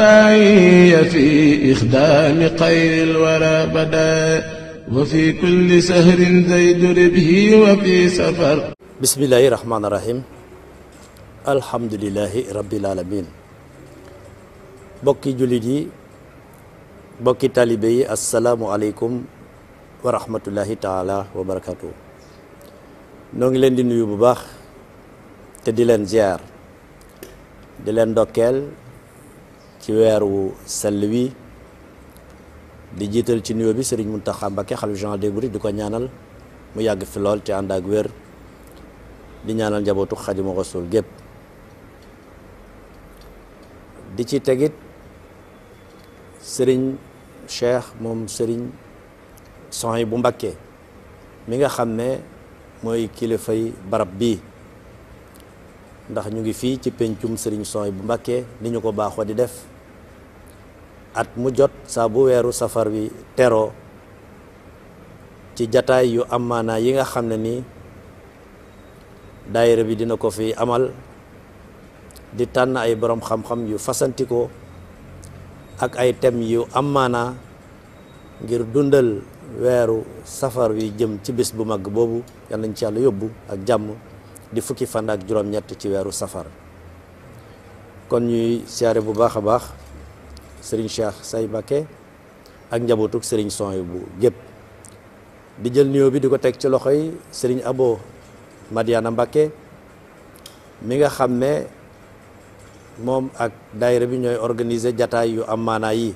هداي في إخدام خير الورى بدا وفي كل سهر زيد ربه وفي سفر بسم الله الرحمن الرحيم الحمد لله رب العالمين بكي جلدي بكي طالبي السلام عليكم wa rahmatullahi taala wa barakatu noo ngi leen di nuyu bu baax te di leen ziar di leen ndokkeel ci weeru sell wi di jiital ci nuyoo bi sëriñ Muntaxa Mbakke xalif général des mourides di ko ñaanal mu yàgg fi lool te ànd ak wér di ñaanal njabootu Xaadimu sol gépp di ci tegit sëriñ Cheikh moom sëriñ soxna bu Mbakke mi nga xam ne mooy kilifay barab bi ndax ñu ngi fii ci pencum sëriñ soxna bu Mbakke ni ñu ko baaxoo di def at mu jot saa bu weeru safar wi teroo ci jataay yu am maanaa yi nga xam ne nii daayira bi dina ko fi amal di tànn ay boroom xam-xam yu fasantikoo ak ay tem yu am maanaa ngir dundal weeru safar wi jëm ci bis bu mag boobu yal nañ ci yàlla yóbbu ak jàmm di fukki fan ak juróom-ñett ci weeru safar kon ñuy siyaare bu baax a baax sëriñ Cheikh Say Mbacké ak njabootuk sëriñ Sooy bu gépp di jël nuyoo bi di ko teg ci loxo yi sëriñ Abo Madiana Mbacké mi nga xam ne moom ak daayira bi ñooy organiser jataay yu am maanaa yi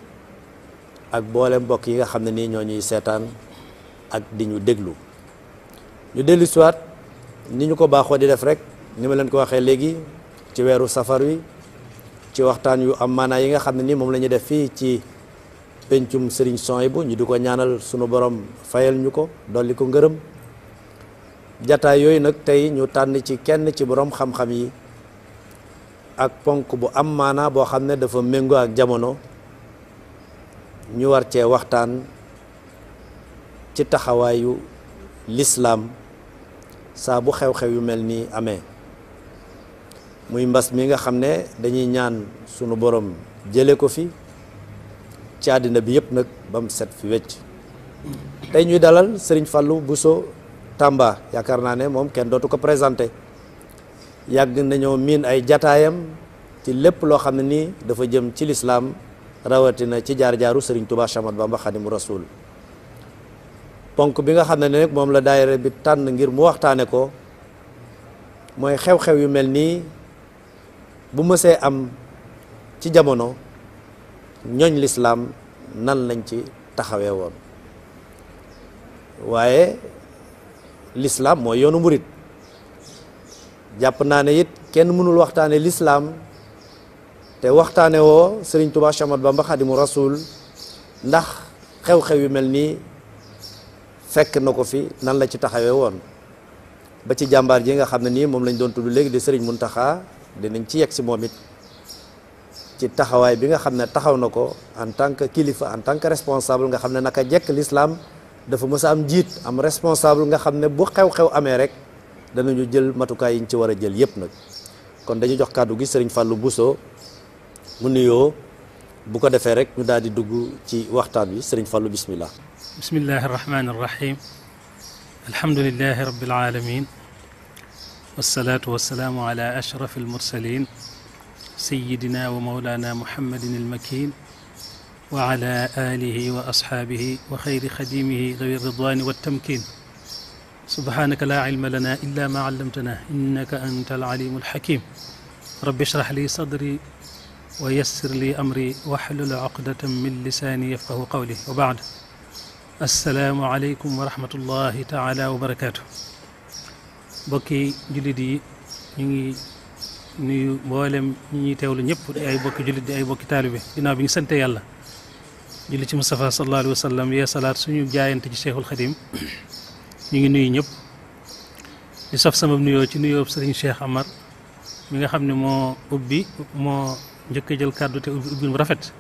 ak boole mbokk yi nga xam ne nii ñoo ñuy seetaan ak di ñu déglu ñu dellu siwaat ni ñu ko baaxoo di def rek ni ma leen ko waxee léegi ci weeru safar wi ci waxtaan yu am maanaa yi nga xam ne ni moom la ñu def fii ci pencum Serigne Souhaïbou ñu di ko ñaanal sunu borom fayal ñu ko dolli ko ngërëm jataay yooyu nag tey ñu tànn ci kenn ci borom xam-xam yi ak ponk bu am maanaa boo xam ne dafa méngoo ak jamono ñu war cee waxtaan ci taxawaayu lislaam saa bu xew-xew yu mel nii amee muy mbas mi nga xam ne dañuy ñaan sunu borom jële ko fi ci àddina bi yëpp nag ba set fi wecc tey ñuy dalal Serigne Fallou Bousso Tamba yaakaar naa ne moom kenn dootu ko présenté yàgg nañoo miin ay jataayam ci lépp loo xam ne nii dafa jëm ci lislaam rawatina ci jaar-jaaru Serigne Touba Chamat Bamba Khadimu Rasul ponk bi nga xam ne nag moom la daayira bi tànn ngir mu waxtaane ko mooy xew-xew yu mel nii bu mësee am ci jamono ñooñ lislaam nan lañ ci taxawee woon waaye lislaam mooy yoonu murit jàpp naa ne it kenn mënul waxtaane lislaam te waxtaane woo Sëriñ Tuubaa Séex Ahmadu Bamba Rasuul ndax xew-xew yu mel nii fekk na ko fi nan la ci taxawee woon ba ci jàmbaar ji nga xam ne nii moom lañ doon tudd léegi di Sëriñ Muntaxa dinañ ci yegg si moom ci taxawaay bi nga xam ne taxaw na ko en tant que kilifa en tant que responsable nga xam ne naka jekk l'islam dafa mës a am njiit am responsable nga xam ne bu xew-xew amee rek danañu jël matukaay yi ñu ci war a jël yépp nag kon dañu jox kàddu gi sëriñ Fallou Bousso mu nuyoo bu ko defee rek ñu daal di dugg ci waxtaan wi sëriñ Fallou bismillah bismillahi rahmani alamin والصلاة والسلام على أشرف المرسلين سيدنا ومولانا محمد المكين وعلى آله وأصحابه وخير خديمه ذوي الرضوان والتمكين سبحانك لا علم لنا إلا ما علمتنا إنك أنت العليم الحكيم رب اشرح لي صدري ويسر لي أمري واحلل عقدة من لساني يفقه قولي وبعد السلام عليكم ورحمة الله تعالى وبركاته bokki jullit yi ñu ngi nuyu mboolem ñi teewlu ñëpp di ay bokki jullit di ay bokki taalibe ginnaaw bi ñu sante yàlla julli ci Moustapha sallallahu alayhi wa yee salaat suñu jaayante ci Cheikhul Khadim ñu ngi nuyu ñëpp di saf sama nuyoo ci nuyoo sëriñ Cheikh Amar mi nga xam ne moo ubbi moo njëkk jël kàddu te ubbi ubbi bu rafet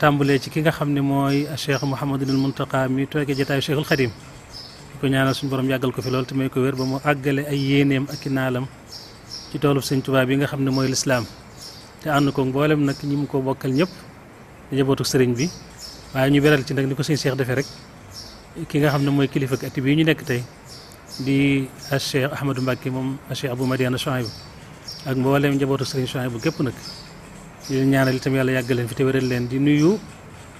tàmbalee ci ki nga xam ne mooy Cheikh Mouhamadul Mountakha mi toogee jataayu Cheikhul Khadim ko ñaanal suñu borom yàggal ko fi loolu te may ko wér ba mu àggale ay yéeneem ak i ci toolub sëñ Tuubaa nga xam ne mooy lislaam te ànd ko mboolem nag ñi ko bokkal ñëpp di sëriñ bi waaye ñu beral ci nag ni ko sëñ Cheikh defee rek ki nga xam ne mooy kilifa ak ati ñu nekk tey di Cheikh Ahmadou Mbacke moom Cheikh Abou Madiana Chouaïbou ak mboolem njabootu sëriñ Chouaïbou gépp nag di leen ñaanal itam yàlla yàggal leen fi te wéral leen di nuyu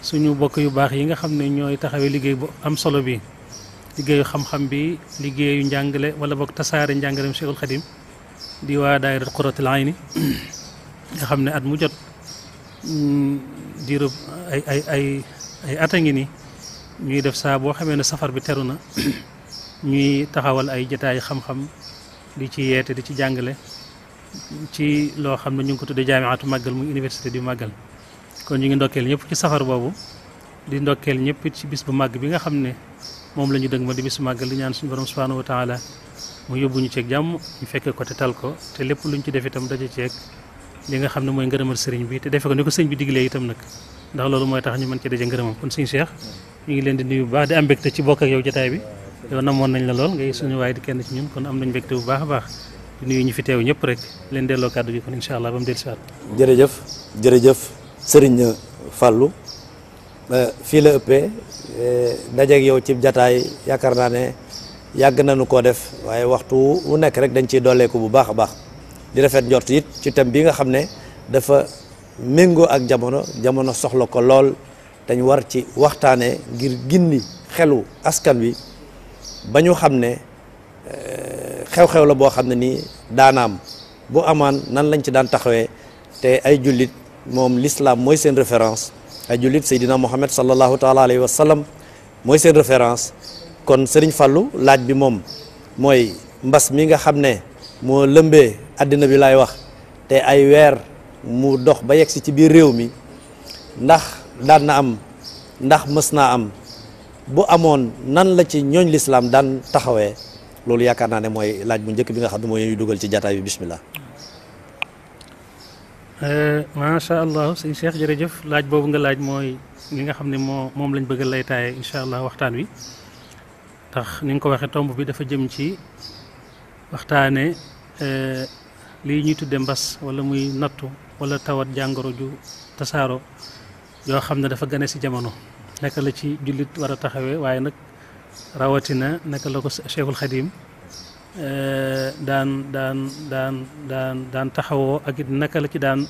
suñu bokk yu baax yi nga xam ne ñooy taxawee liggéey bu am solo bi liggéeyu xam-xam bi liggéeyu njàngale wala boog tasaare njàngalem Cheikhul Khadim di waa daayira Qurratul Ayni nga xam ne at mu jot mm, diirub ay ay ay ay at a ngi nii ñuy def saa boo xamee ne safar bi teru na ñuy taxawal ay jotaay xam-xam di ci yeete di ci jàngale ci loo xam ne ñu ngi ko tuddee jaamiatu màggal muy université du màggal kon ñu ngi ndokkeel ñëpp ci safar boobu di ndokkeel ñëpp ci bis bu màgg bi nga xam ne moom la ñu ma di bis màggal di ñaan suñu borom subhanahu wa taala mu yóbbu ñu ceeg jàmm ñu fekkee ko te tal ko te lépp luñ ci def itam daje ceeg li nga xam ne mooy ngërëmal sëriñ bi te defe ko ni ko sëñ bi diglee itam nag ndax loolu mooy tax ñu mën ci daje ngërëmam kon sëñ Cheikh ñu ngi leen di nuyu bu baax di am mbégte ci bokk ak yow bi yow namoon nañ la lool ngay suñu waaye di kenn ci ñun kon am nañ mbégte bu baax a baax di nuyu ñu fi teew Eh, dajeeg yow ci jataay yaakaar naa ne yàgg nañu koo def waaye waxtu wu nekk rek dañ ciy dolleeku bu baax a baax di rafet njort it ci thème bi nga xam ne dafa méngoo ak jamono jamono soxla ko lool dañ war ci waxtaanee ngir gindi xelu askan wi ba ñu xam ne eh, xew-xew la boo xam ne nii daanaam bu amaan nan lañ ci daan taxawee te ay jullit moom l'islam mooy seen référence ay jullit Seydina Muhammad sallallahu taala alayhi wa sallam mooy seen référence kon Serigne Fallou laaj bi moom mooy mbas mi nga xam ne moo lëmbee àddina bi laay wax te ay weer mu dox ba yegg si ci biir réew mi ndax daan na am ndax mës naa am bu amoon nan la ci ñooñ lislaam daan taxawee loolu yaakaar naa ne mooy laaj bu njëkk bi nga xam ne mooy dugal ci jataay bi bismillah Eh, macha allah sëñ Cheikh jërëjëf laaj boobu nga laaj mooy li nga xam ne moo moom lañ bëgg lay taaye allah waxtaan wi tax ni nga ko waxee tomb bi dafa jëm ci waxtaane eh, li ñuy tudde mbas wala muy nattu wala tawat jàngoro ju tasaaro yoo xam ne dafa gane si jamono nekk la ci jullit war a taxawe waaye nag rawatina naka la ko Cheikhul Xadim daan daan daan daan daan taxawoo ak it naka la ci daan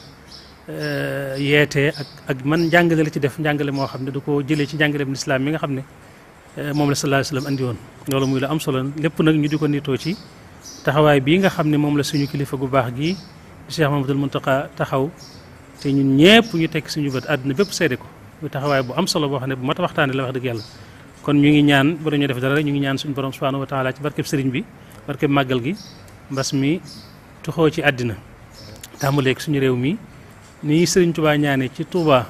eh, yeetee ak ak man njàngale la ci def njàngale moo xam ne du ko jëlee ci njàngaleem lislaam mi nga xam ne eh, moom la sallallahu alayhi wa sallam andi woon loolu muy lu am solo lépp nag ñu di ko nitoo ci taxawaay bii nga xam ne moom la suñu kilifa gu baax gii Cheikh Mamadou Mountakha taxaw te ñun ñëpp ñu tekk suñu bët àdduna bépp seede ko muy taxawaay bu am solo boo xam ne bu mat a waxtaane la wax dëgg yàlla kon ñu ngi ñaan ba dañoo def dara ñu ngi ñaan suñu borom barke màggal gi mbas mi tuxoo ci àddina tàmbaleeg suñu réew mi ni sëriñ Touba ñaane ci Touba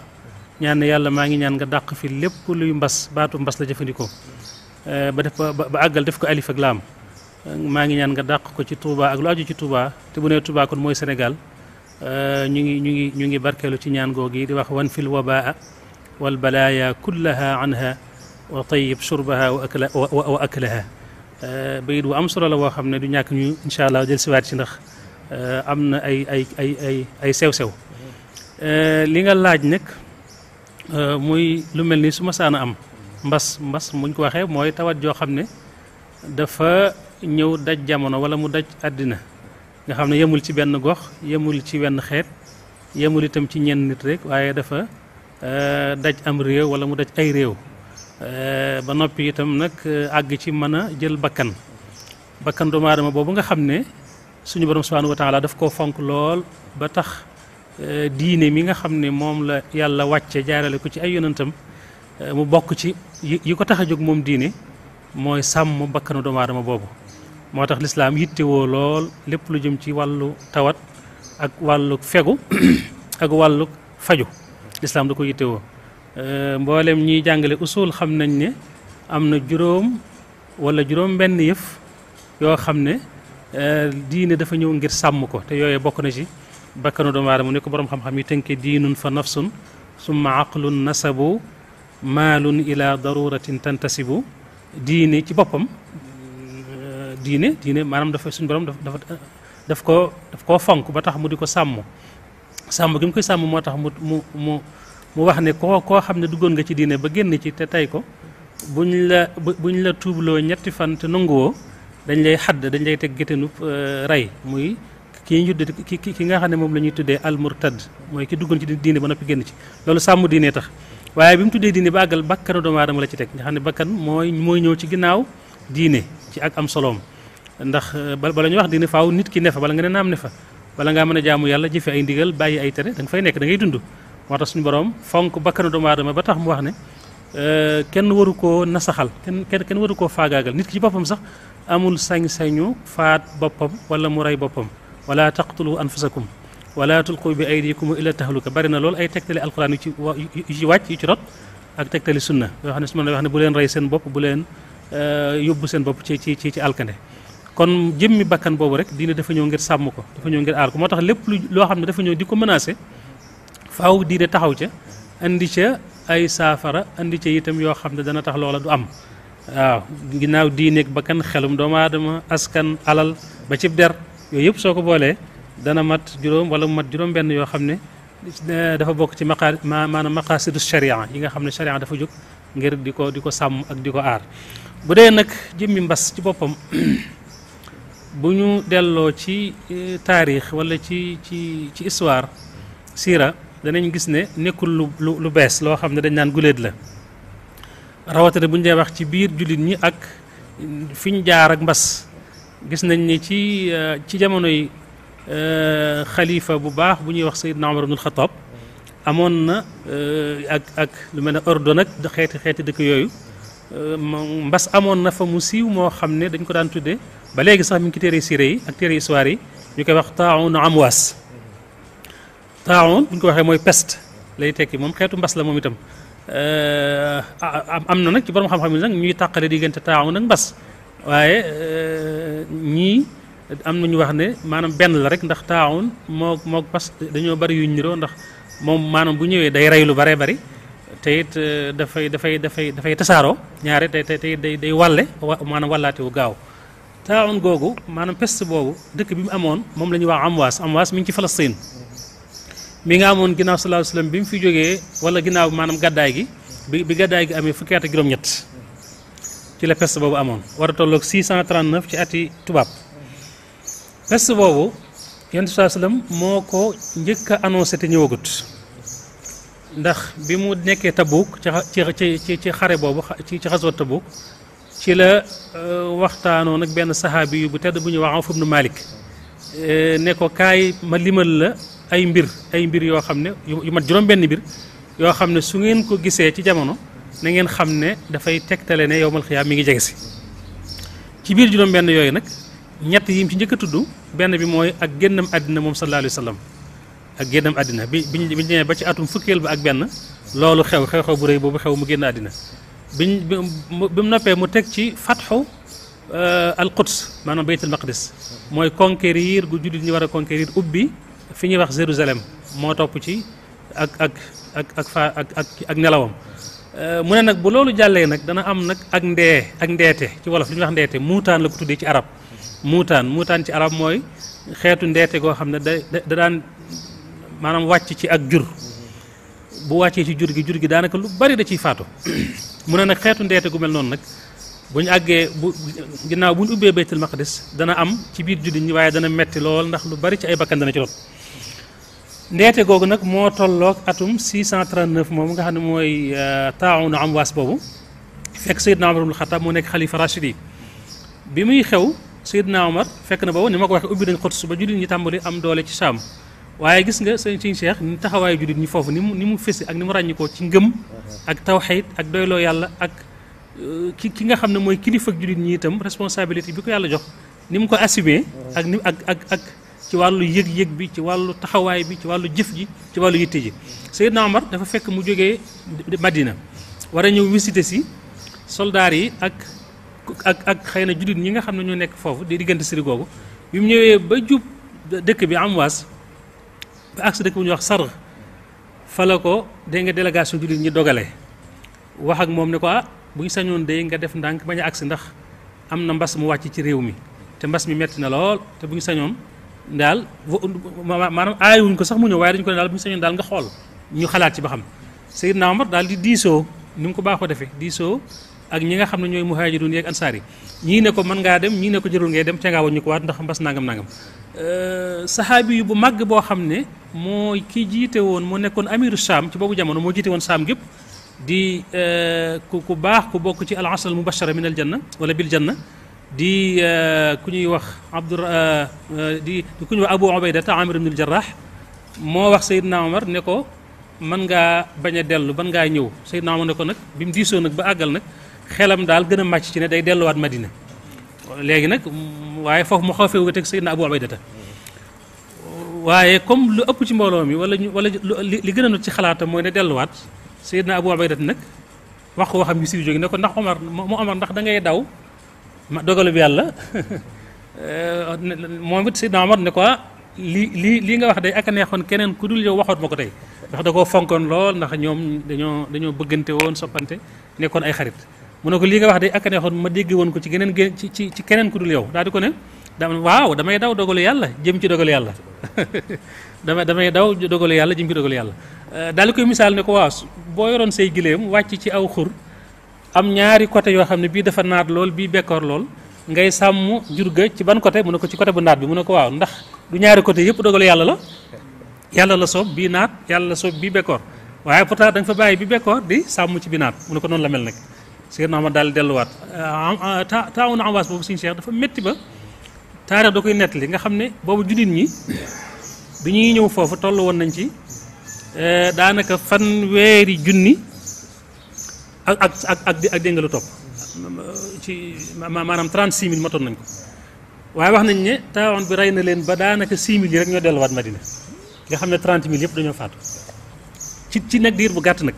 ñaan ne yàlla maa ngi ñaan nga dàq fi lépp luy mbas baatu mbas la jëfandikoo eh, ba def ba àggal def ko alif ak laam eh, maa ngi ñaan nga dàq ko ci Touba ak lu aju ci Touba te bu nee Touba kon mooy Sénégal eh, ñu ngi ñu ngi ñu ngi barkeelu ci ñaan googi di wax wan fil wabaa wal balaaya kullaha wa tayyib shurbaha wa akla wa aklaha Euh, bayit bu am solo la woo xam ne du ñàkk ñu incha allah jël siwaat ci ndax euh, am na ay ay ay ay ay sew-sew euh, li nga laaj nag muy lu mel ni su ma saan a am mbas mbas muñ ko waxee mooy tawat joo xam ne dafa ñëw daj jamono wala mu daj àddina nga xam ne yemul ci benn gox yemul ci wenn xeet yemul itam ci ñenn nit rek waaye dafa daj am réew wala mu daj ay réew Eh, ba noppi itam nag eh, àgg ci mën a jël bakkan bakkan doomu boobu nga xam ne suñu borom subhanahu wa taala daf koo fonk lool ba tax eh, diine mi nga xam ne moom la yàlla wàcce jaarale ko ci ay yonantam mu bokk ci yi ko tax a jóg moom diine mooy sàmm bakkanu doomu boobu moo tax lislaam yittewoo lool lépp lu jëm ci wàllu tawat ak wàllu fegu ak wàllu faju lislaam da ko yittewoo Euh, mboolem ñiy jàngale usul xam nañ ne am na juróom wala juróom benn yëf yoo xam ne euh, diine dafa ñëw ngir sàmm ko te yooye bokk na ci bakkanu doomu aadama ni boroom xam-xam yi tënke diinun fa nafsun summa aqlun nasabu maalun ila daruratin tantasibu diine ci boppam euh, diine diine maanaam dafa suñ borom dafa daf ko koo fonk ba tax mu di ko sàmm sàmm gi mu koy sàmm moo tax mu mu mu mu wax ne koo koo xam ne duggoon nga ci diine ba génn ci te tey ko buñ la bu buñ la tuubloo ñetti fan te nanguwoo dañ lay xadd dañ lay teg géttanub euh, ray muy kii ñu tuddee ki ki nga xam ne moom la ñuy tuddee almurtad mooy ki duggoon ci diine ba noppi génn ci loolu sàmm diine tax waaye bi mu tuddee diine ba àggal bakkanu doomu aadama la ci teg nga xam ne bakkan mooy mooy ñëw ci ginnaaw diine ci ak am soloom ndax euh, bala ñu wax diine faaw nit ki ne fa bala nga ne naam ne fa bala ngaa mën a jaamu yàlla jëfe ay ndigal bàyyi ay tere da fay nekk da ngay moo tax suñu borom fonk bakkanu doomu aadama ba tax mu wax ne euh, kenn waru koo nasaxal kenn kenn kenn waru koo faagaagal nit ki ci boppam sax amul sañ-sañu faat boppam wala mu rey boppam wala taqtulu anfusakum wala tulqu bi aydikum ila tahluka bari na lool ay tegtali alquran yu ci yu ci wàcc yu ci rot ak tegtali sunna yoo xam ne su ma wax ne bu leen rey seen bopp bu leen euh, yóbbu seen bopp ci ci ci ci alkande kon jëmmi bakkan boobu rek diine dafa ñëw ngir sàmm ko dafa aw diine taxaw ca indi ca ay saafara indi ca itam yoo xam ne dana tax loola du am waaw ginnaaw ba bakkan xelum doomu aadama askan alal ba cib der yooyu yëpp soo ko boolee dana mat juróom wala mu mat juróom-benn yoo xam ne eh, dafa bokk ci maqaa maanaam maqaasidu sharia yi nga xam ne sharia dafa jóg ngir di ko di ko sàmm ak di ko aar bu dee nag jëmmi mbas ci boppam bu ñu delloo ci eh, taarix wala ci ci ci histoire siira danañ gis ne nekkul lu lu lu bees loo xam ne dañ naan guléet la rawatina buñ ñu dee wax ci biir jullit ñi ak fiñ jaar ak mbas gis nañ ni ci euh, ci jamonoy euh, xalifa bu baax bu ñuy wax Seydina Omar ibnul Xataab amoon na euh, ak ak lu mel ne ordon ak xeeti xeeti dëkk yooyu mbas amoon na fa mu siiw moo xam ne dañ ko daan tuddee ba léegi sax mi ngi ci téere siire yi ak téere histoire yi ñu koy wax taawun waas taawun bu ñu ko waxee mooy pest lay tekki moom xeetu mbas la moom itam euh, am na nag ci borom xam-xam yi nag ñuy tàqale diggante taawun ak mbas waaye euh, ñii am na ñu wax ne maanaam benn la rek ndax taawun moo moo pest dañoo bari yu niroo ndax moom maanaam bu ñëwee day rey lu baree bari te it euh, dafay dafay dafay dafay tasaaroo ñaare te te day day wàlle maanaam wàllaate wu gaaw taawun googu maanaam peste boobu dëkk bi mu amoon moom la ñuy wax amwaas amwaas mi ngi ci Falastin mi nga amoon ginnaaw sallallahu alayhi bi mu fi jógee wala ginnaaw maanam gàddaay gi bi bi gàddaay gi amee fukki at juróom-ñett ci la pest boobu amoon war a tolloog 639 ci ati tubaab peste boobu yonent bi moo ko njëkk a annoncé te ñëwagut ndax bi mu nekkee Tabuk ci ci ci xare boobu ci ci xaswa ci la euh, waxtaanoon ak benn saxaabi yu bu tedd bu ñuy wax Awf ibn Malik Eh, ne ko kaay ma limal la ay mbir ay mbir yoo xam ne yu mat juróom-benn mbir yoo xam ne su ngeen ko gisee ci jamono na ngeen xam ne dafay tegtale ne yowmal xiyaam mi ngi jege si ci biir juróom-benn yooyu nag ñett yi mu ci njëkk a tudd benn bi mooy ak génnam àddina moom sallallahu alayhi wa ak génnam àddina bi bi ñu demee ba ci atum fukkeel ba ak benn loolu xew xew bu rëy boobu xew mu génn àddina biñ bi mu noppee mu teg ci fatxu eh, al quds maanaam baytul maqdis mooy conquérir gu jullit ñi war a conquérir ubbi fi ñuy wax Jérusalem moo topp ci ak ak ak ak fa ak ak ak euh, mu ne nag bu loolu jàllee nag dana am nag ak ndee ak ndeete ci wolof li wax ndeete muutaan la ko tuddee ci arab muutaan muutaan ci arab mooy xeetu ndeete goo xam ne da daan maanaam wàcc ci ak jur bu wàccee ci jur gi jur gi daanaka lu bari da ciy faatu mu ne nag xeetu ndeete gu mel noonu nag bu ñu àggee bu ginnaaw bu ñu ubbee baytul maqdis dana am ci biir jullit ñi waaye dana metti lool ndax lu bari ci ay bakkan dana ci lool ndeete googu nag moo tollook atum 639 moom nga xam ne mooy euh, am waas boobu fekk Seydina Omar ibnul Xataab moo nekk xalifa rachid yi bi muy xew Seydina Omar fekk na boobu ni ma ko waxee ubbi nañ Quds suba jullit ñi tàmbali am doole ci Saam waaye gis nga sëñ Sëñ Cheikh ni taxawaayu jullit ñi foofu ni mu ni mu fësi ak ni mu ràññikoo ci ngëm ak tawxiid ak doyloo yàlla ak Euh, ki ki nga xam ne mooy kilifa ak jullit ñi itam responsabilité bi ko yàlla jox ni mu ko assumé ak ni ak ak ak ci wàllu yëg-yëg bi ci wàllu taxawaay bi ci wàllu jëf ji ci wàllu yitte ji Seydina Omar dafa fekk mu jógee Madina war a ñëw visité si soldaar yi ak ak ak xëy na jullit ñi nga xam ne ñoo nekk foofu di diggante siri googu bi mu ñëwee ba jub dëkk bi am waas ba agsi dëkk bu ñuy wax sarr fa la ko dégg nga délégation jullit ñi dogalee wax ak moom ne ko ah, bu ñu sañoon day nga def ndànk bañ a agsi ndax am na mbas mu wàcc ci réew mi te mbas mi metti na lool te bu ñu sañoon daal maanaam aayuñ ko sax mu ñëw waaye dañu ko ne daal bu ñu sañoon daal nga xool ñu xalaat ci ba xam Seydina Omar daal di diisoo ni mu ko baaxoo defee diisoo ak ñi nga xam ne ñooy muhaajirun yeeg ansaar yi ñii ne ko mën ngaa dem ñii ne ko jërul ngay dem te ngaa wañu ko waat ndax mbas nangam nangam euh, sahaabi yu bu màgg boo xam ne moo kii jiite woon moo nekkoon amiru saam ci boobu jamono moo jiite woon saam gépp di eh, ku ku baax ku bokk ci al ashara al mubashara min al janna wala bil di eh, ku ñuy wax abdu eh, di ku ñuy wax abu ubayda ta amir ibn al moo wax sayidna omar ne ko mën ngaa bañ a dellu ban ngaa ñëw sayidna omar ne ko nag bi mu diisoo nag ba àggal nag xelam daal gën a màcc ci ne day delluwaat madina léegi nag waaye foofu mu xaw feewu nga teg sayidna abu ubaydata waaye comme lu ëpp ci mbooloo mi wala wala li gën a not ci xalaatam mooy ne delluwaat Seydina Abu Ubayda nag wax ko waxam yu siiw jóge ne ko ndax Omar mu Omar ndax da ngay daw ma dogalu bi yàlla moom it Seydina Omar ne ko ah, lii lii lii nga wax day ak neexoon keneen ku dul yow waxoot ma ko tey ndax da koo fonkoon lool ndax ñoom dañoo dañoo bëggante woon soppante nekkoon ay xarit mu ne ko lii nga wax day ak ma dégg woon ko ci geneen ci ci ci keneen ku dul yow daal di ko ne dama waaw damay daw dogalu yàlla jëm ci dogalu yàlla dama damay daw dogalu yàlla jëm ci dogalu yàlla eh, daal di koy misaal ne ko waaw boo yoroon say giléem wàcc ci aw xur am ñaari côté yoo xam ne bii dafa naat lool bii bekkoor lool ngay sàmm jur ga ci ban côté mu ne ko ci côté bu naat bi mu ne ko waaw ndax du ñaari côté yëpp dogalu yàlla la yàlla la soob bii naat yàlla la soob bii bekkoor waaye pourtant da fa bàyyi bi bekkoor di sàmm ci bi naat mu ne ko noonu la mel eh, eh, na awaas boobu suñu Cheikh dafa taarix da koy nettali nga xam ne boobu jullit ñi bi ñuy ñëw foofu toll woon nañ ci eh, daanaka fan fanweeri junni ak ak ak ak ak dégg nga lu topp ci maanaam 36 mille matoon nañ ko waaye wax nañ ne taawoon bi rey na leen ba daanaka 6 mille yi rek ñoo delluwaat Madina nga xam ne 30 mille yëpp dañoo faatu ci ci nag diir bu gàtt nag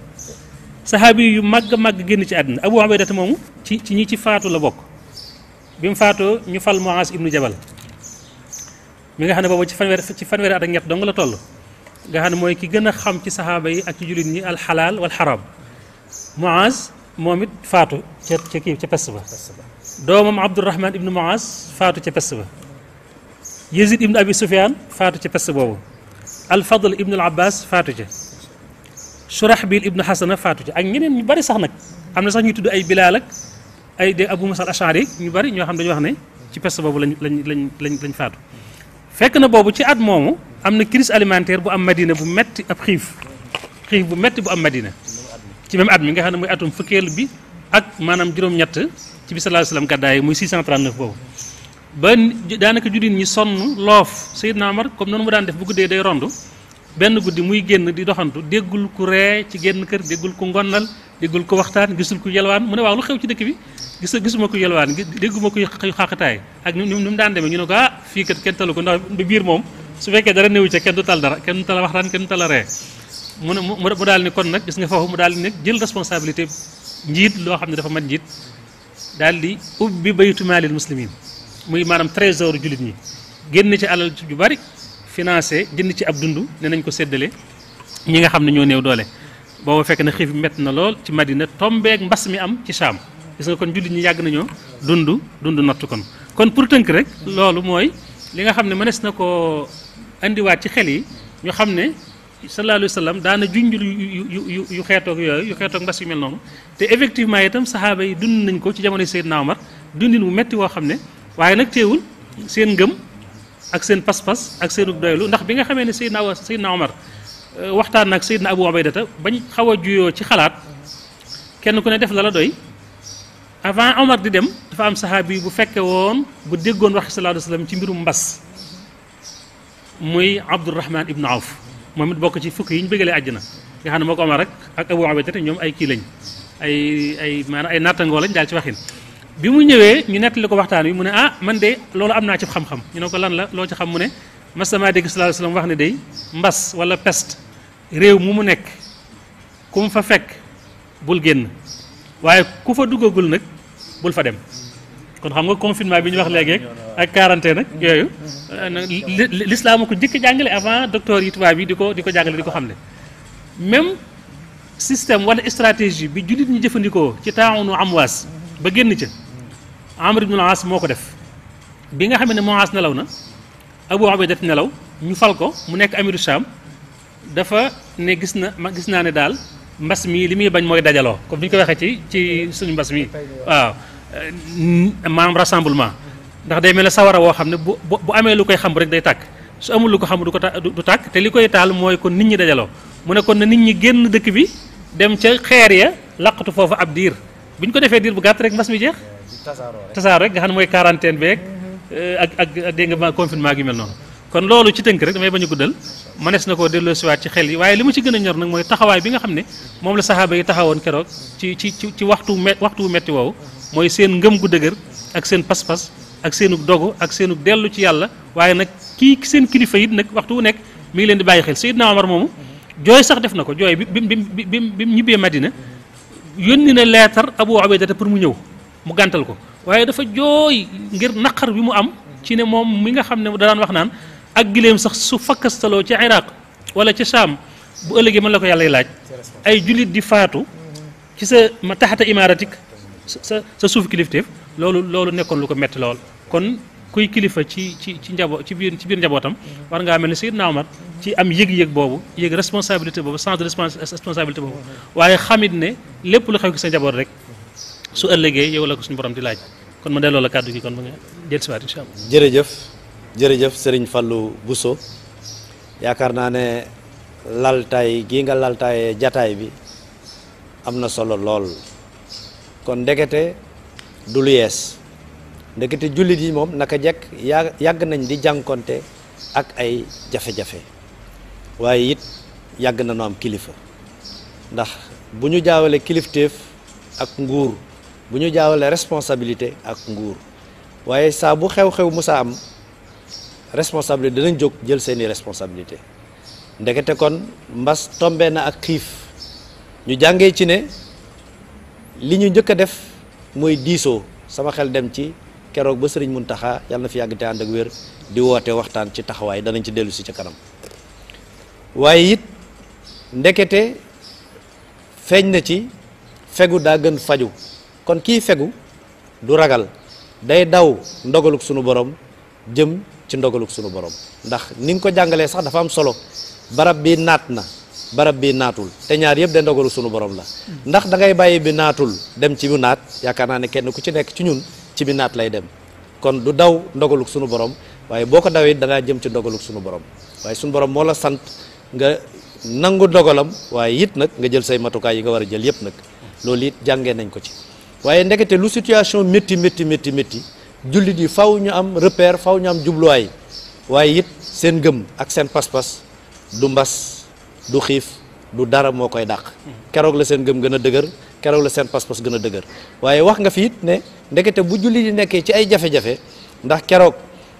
saxaabi yu màgg màgg génn ci àddina Abu Ubayda moomu ci ci ñi ci faatu la bokk. bi mu faatoo ñu fal Muaas ibnu Jabal mi nga xam ne boobu ci fanweer ci fanweeri at ak ñett dong la toll nga xam ki gën a xam ci saxaaba yi ak ci jullit ñi alxalaal wal xaraam Muaas moom it faatu ca ca kii ca pest ba doomam Abdurahman ibnu Muaas faatu ca pest ba Yazid ibnu Abi faatu ca pest boobu Alfadl ibnu Abbas faatu ca Surahbil ibnu Xasana faatu ca ak ñeneen ñu bari sax nag am na sax ñuy tudd ay Bilaal ak ay de Abu Musa al-Ashari ñu bari ñoo xam dañu wax ne ci peste boobu lañ lañ lañ lañ lañ faatu fekk na boobu ci at moomu am na crise alimentaire bu am Madina bu metti ab xiif xiif bu metti bu am Madina ci même at mi nga xam ne mooy atum fukkeelu bi ak maanaam juróom-ñett ci bi sallallahu alayhi wasallam gàddaay muy 639 boobu ba daanaka judin ñi sonn loof Seydina Omar comme noonu ma daan def bu guddee day rond benn guddi muy génn di doxantu déggul ku ree ci genn kër déggul ku ngonnal déggul ko waxtaan gisul ko yelwaan mu ne waaw lu xew ci dëkk bi gis gisuma ko yelwaan dégguma ko xaqataay ak ñu ñu mu daan demee ñu ne ko ah fii kat kenn talu ko ndax biir moom su fekkee dara néewu ca kenn du tal dara kenn du tal waxtaan kenn du tal ree mu ne mu daal ni kon nag gis nga foofu mu daal ni nag jël responsabilité njiit loo xam ne dafa mat njiit daal di ubbi baytu maalil muslimin muy maanaam trésor jullit ñi génn ci alal ju bari financé jënd ci ab dund ne nañ ko séddale ñi nga xam ne ñoo néew doole boobu fekk na xiif bi métti na lool ci Madina tombeek mbas mi am ci Saam gis nga kon jullit ñi yàgg nañoo dund dund natt kon kon pour tënk rek loolu mooy li nga xam ne mënees na koo indiwaat ci xel yi ñu xam ne sallallahu alayhi wa sallam daana junjul yu yu yu xeetoog yooyu yu xeetoog mbas yu mel noonu te effectivement itam saxaaba yi dund nañ ko ci jamono Seydina Omar dundin mu métti woo xam ne waaye nag teewul seen ngëm ak seen pas-pas ak seenu doylu ndax bi nga xamee ne Seydina Seydina Omar Euh, waxtaan nag Seydina Abu Ubaydata bañ xaw a juyoo ci xalaat kenn ku ne def la la doy avant Omar di dem dafa am saxaabi bu fekkee woon bu déggoon wax sallallahu ci mbirum mbas muy Abdurrahman ibn Awf moom it bokk ci fukk yi ñu bëggalee àjjana nga xam ne moo ko Omar rek ak Abu Ubaydata ñoom ay kii lañ ay ay maanaam ay nattangoo lañ daal ci waxin bi mu ñëwee ñu nettali ko waxtaan wi mu ne ah man de loolu am naa ci xam-xam ñu ne ko lan la loo ci xam mu ne mas damaa dégg sallallahu alayhi wasallam wax ne day mbas wala pest réew mu mu nekk ku mu fa fekk bul génn waaye ku fa duggagul nag bul fa dem kon xam nga confinement bi ñu wax léegi ak quarantaine nag yooyu lislaam ko njëkk jàngale avant docteur yi tubaab yi di ko di ko jàngale di ko xam ne même système walla stratégie bi jullit ñi jëfandikoo ci am waas ba génn ca Amr ibn al moo ko def bi nga xam ne Muaz nelaw na Abu Ubayda daf nelaw ñu fal ko mu nekk amiru Sham dafa ne gis na ma gis naa ne daal mbas mii li muy bañ mooy dajaloo comme ni ñu ko waxee ci ci suñu mbas mi waaw maanaam rassemblement ndax day mel ne sawara woo xam ne bu bu amee lu koy xam rek day takk su amul lu ko xam du ko du tàkk te li koy taal mooy ko nit ñi dajaloo mu ne kon na nit ñi génn dëkk bi dem ca xeer ya laqatu foofu ab diir bu ñu ko defee diir bu gàtt rek mbas mi jeex tasaaroo rek nga Euh, ak ak dégg nga confinement gi mel noonu kon loolu ci tënk rek damay bañ a guddal mënees na koo delloosiwaat ci xel yi waaye li mu ci gën a ñor nag mooy taxawaay bi nga xam ne moom la saxaaba yi taxawoon keroog ci ci waxtu me metti woowu mooy seen ngëm gu dëgër ak seen pas-pas ak seenug dogu ak seenug dellu ci yàlla waaye nag kii seen kilifa yi nag waxtu wu nekk mi ngi leen di bàyyi xel Seydina Omar moomu jooy sax def na ko jooy bi bi bi bi ñibbee Madina yónni na mu mu gàntal ko waaye dafa jooy ngir naqar bi mu am ci ne moom mi nga xam ne da daan wax naan ak gileem sax su fakkastaloo ca iraq wala ca saam bu ëllëgee mën la ko yàlla laaj ay jullit di faatu ci sa ma taxata imaaratik sa sa suuf kilifteef loolu nekkoon lu ko metti lool kon kuy kilifa ci ci ci njabo ci biir ci biir njabootam war ngaa mel ni Seydina Omar ci am yëg-yëg boobu yëg responsabilité boobu sens de responsabilité boobu waaye xamit ne lépp lu xew sa njaboot rek su ëllëgee yow la ko suñu borom di laaj kon ma delloo la kàddu gi kon ma nga jël siwaat jërëjëf jërëjëf Serigne Fallou Bousso yaakaar naa ne laltaay gii nga laltaayee jataay bi am na solo lool kon ndekete du lu yees ndekete jullit yi moom naka jekk yàgg nañ di jànkonte ak ay jafe-jafe waaye it yàgg na no am kilifa ndax bu ñu jaawale kilifteef ak nguur bu ñu jaawale responsabilité ak nguur waaye saa bu xew-xew musa am responsabilité danañ jóg jël seeni responsabilité ndekete kon mbas tombe na ak xiif ñu jàngee ci ne li ñu njëkk a def mooy diisoo sama xel dem ci keroog ba sëriñ mun taxa yàlla na fi yàgg te ànd ak wér di woote waxtaan ci taxawaay danañ ci dellu si ca kanam waaye it ndekete feeñ na ci fegu daa gën faju kon kii fegu du ragal day daw ndogaluk sunu borom jëm ci ndogaluk sunu borom ndax ni nga ko jàngalee sax dafa am solo barab bi naat na barab bi naatul te ñaar yëpp de ndogalu sunu borom la ndax dangay bàyyi bi naatul dem ci bu naat yaakaar naa ne kenn ku ci nekk ci ñun ci bi naat lay dem kon du daw ndogaluk sunu borom waaye boo ko dawee dangaa jëm ci ndogaluk sunu borom waaye sunu borom moo la sant nga nangu dogalam waaye it nag nga jël say matukaay yi nga war a jël yëpp nag loolu it jàngee nañ ko ci waaye ndekete lu situation métti métti métti jullit yi faw ñu am repère faw ñu am jubluwaay waaye it seen gëm ak seen pas-pas du mbas du xiif du dara moo koy dàq keroog la seen gëm gën a dëgër keroog la seen pas-pas gën a dëgër waaye wax nga fi it ne ndekete bu jullit yi nekkee ci ay jafe-jafe ndax keroog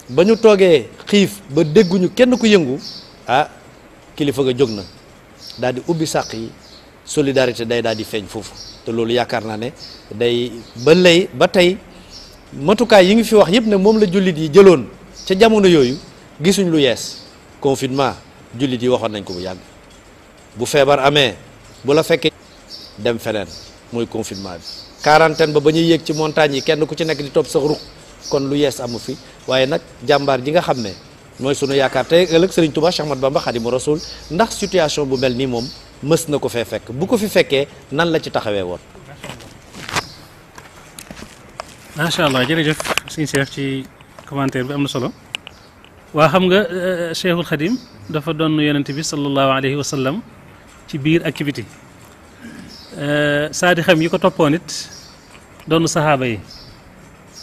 ba ñu toogee xiif ba dégguñu kenn ku yëngu ah kilifa ga jóg na daal di ubbi sàq yi solidarité day daal di feeñ foofu te loolu yaakaar naa ne day ba lay ba tey matukaay yi ngi fi wax yëpp ne moom la jullit yi jëloon ca jamono yooyu gisuñ lu yees confinement jullit yi waxoon nañ ko bu yàgg bu feebar amee bu la fekkee dem feneen mooy confinement bi quarantaine ba ba ñuy yéeg ci montagne yi kenn ku ci nekk di topp sax ruq kon lu yees amu fi waaye nag jàmbaar ji nga xam ne mooy sunu yaakaar tey ëllëg Serigne Touba Cheikh Ahmadou Bamba Khadimou Rasoul ndax situation bu mel nii moom mës na ko fee fekk bu ko fi fekkee nan la ci taxawee woon. macha allah jërëjëf sëñ Cheikh ci commentaire bi am na solo waa xam nga euh, euh, Cheikhul Khadim dafa doon yonent bi ci biir activité euh, saadi xam yi ko toppoon it doon saxaaba yi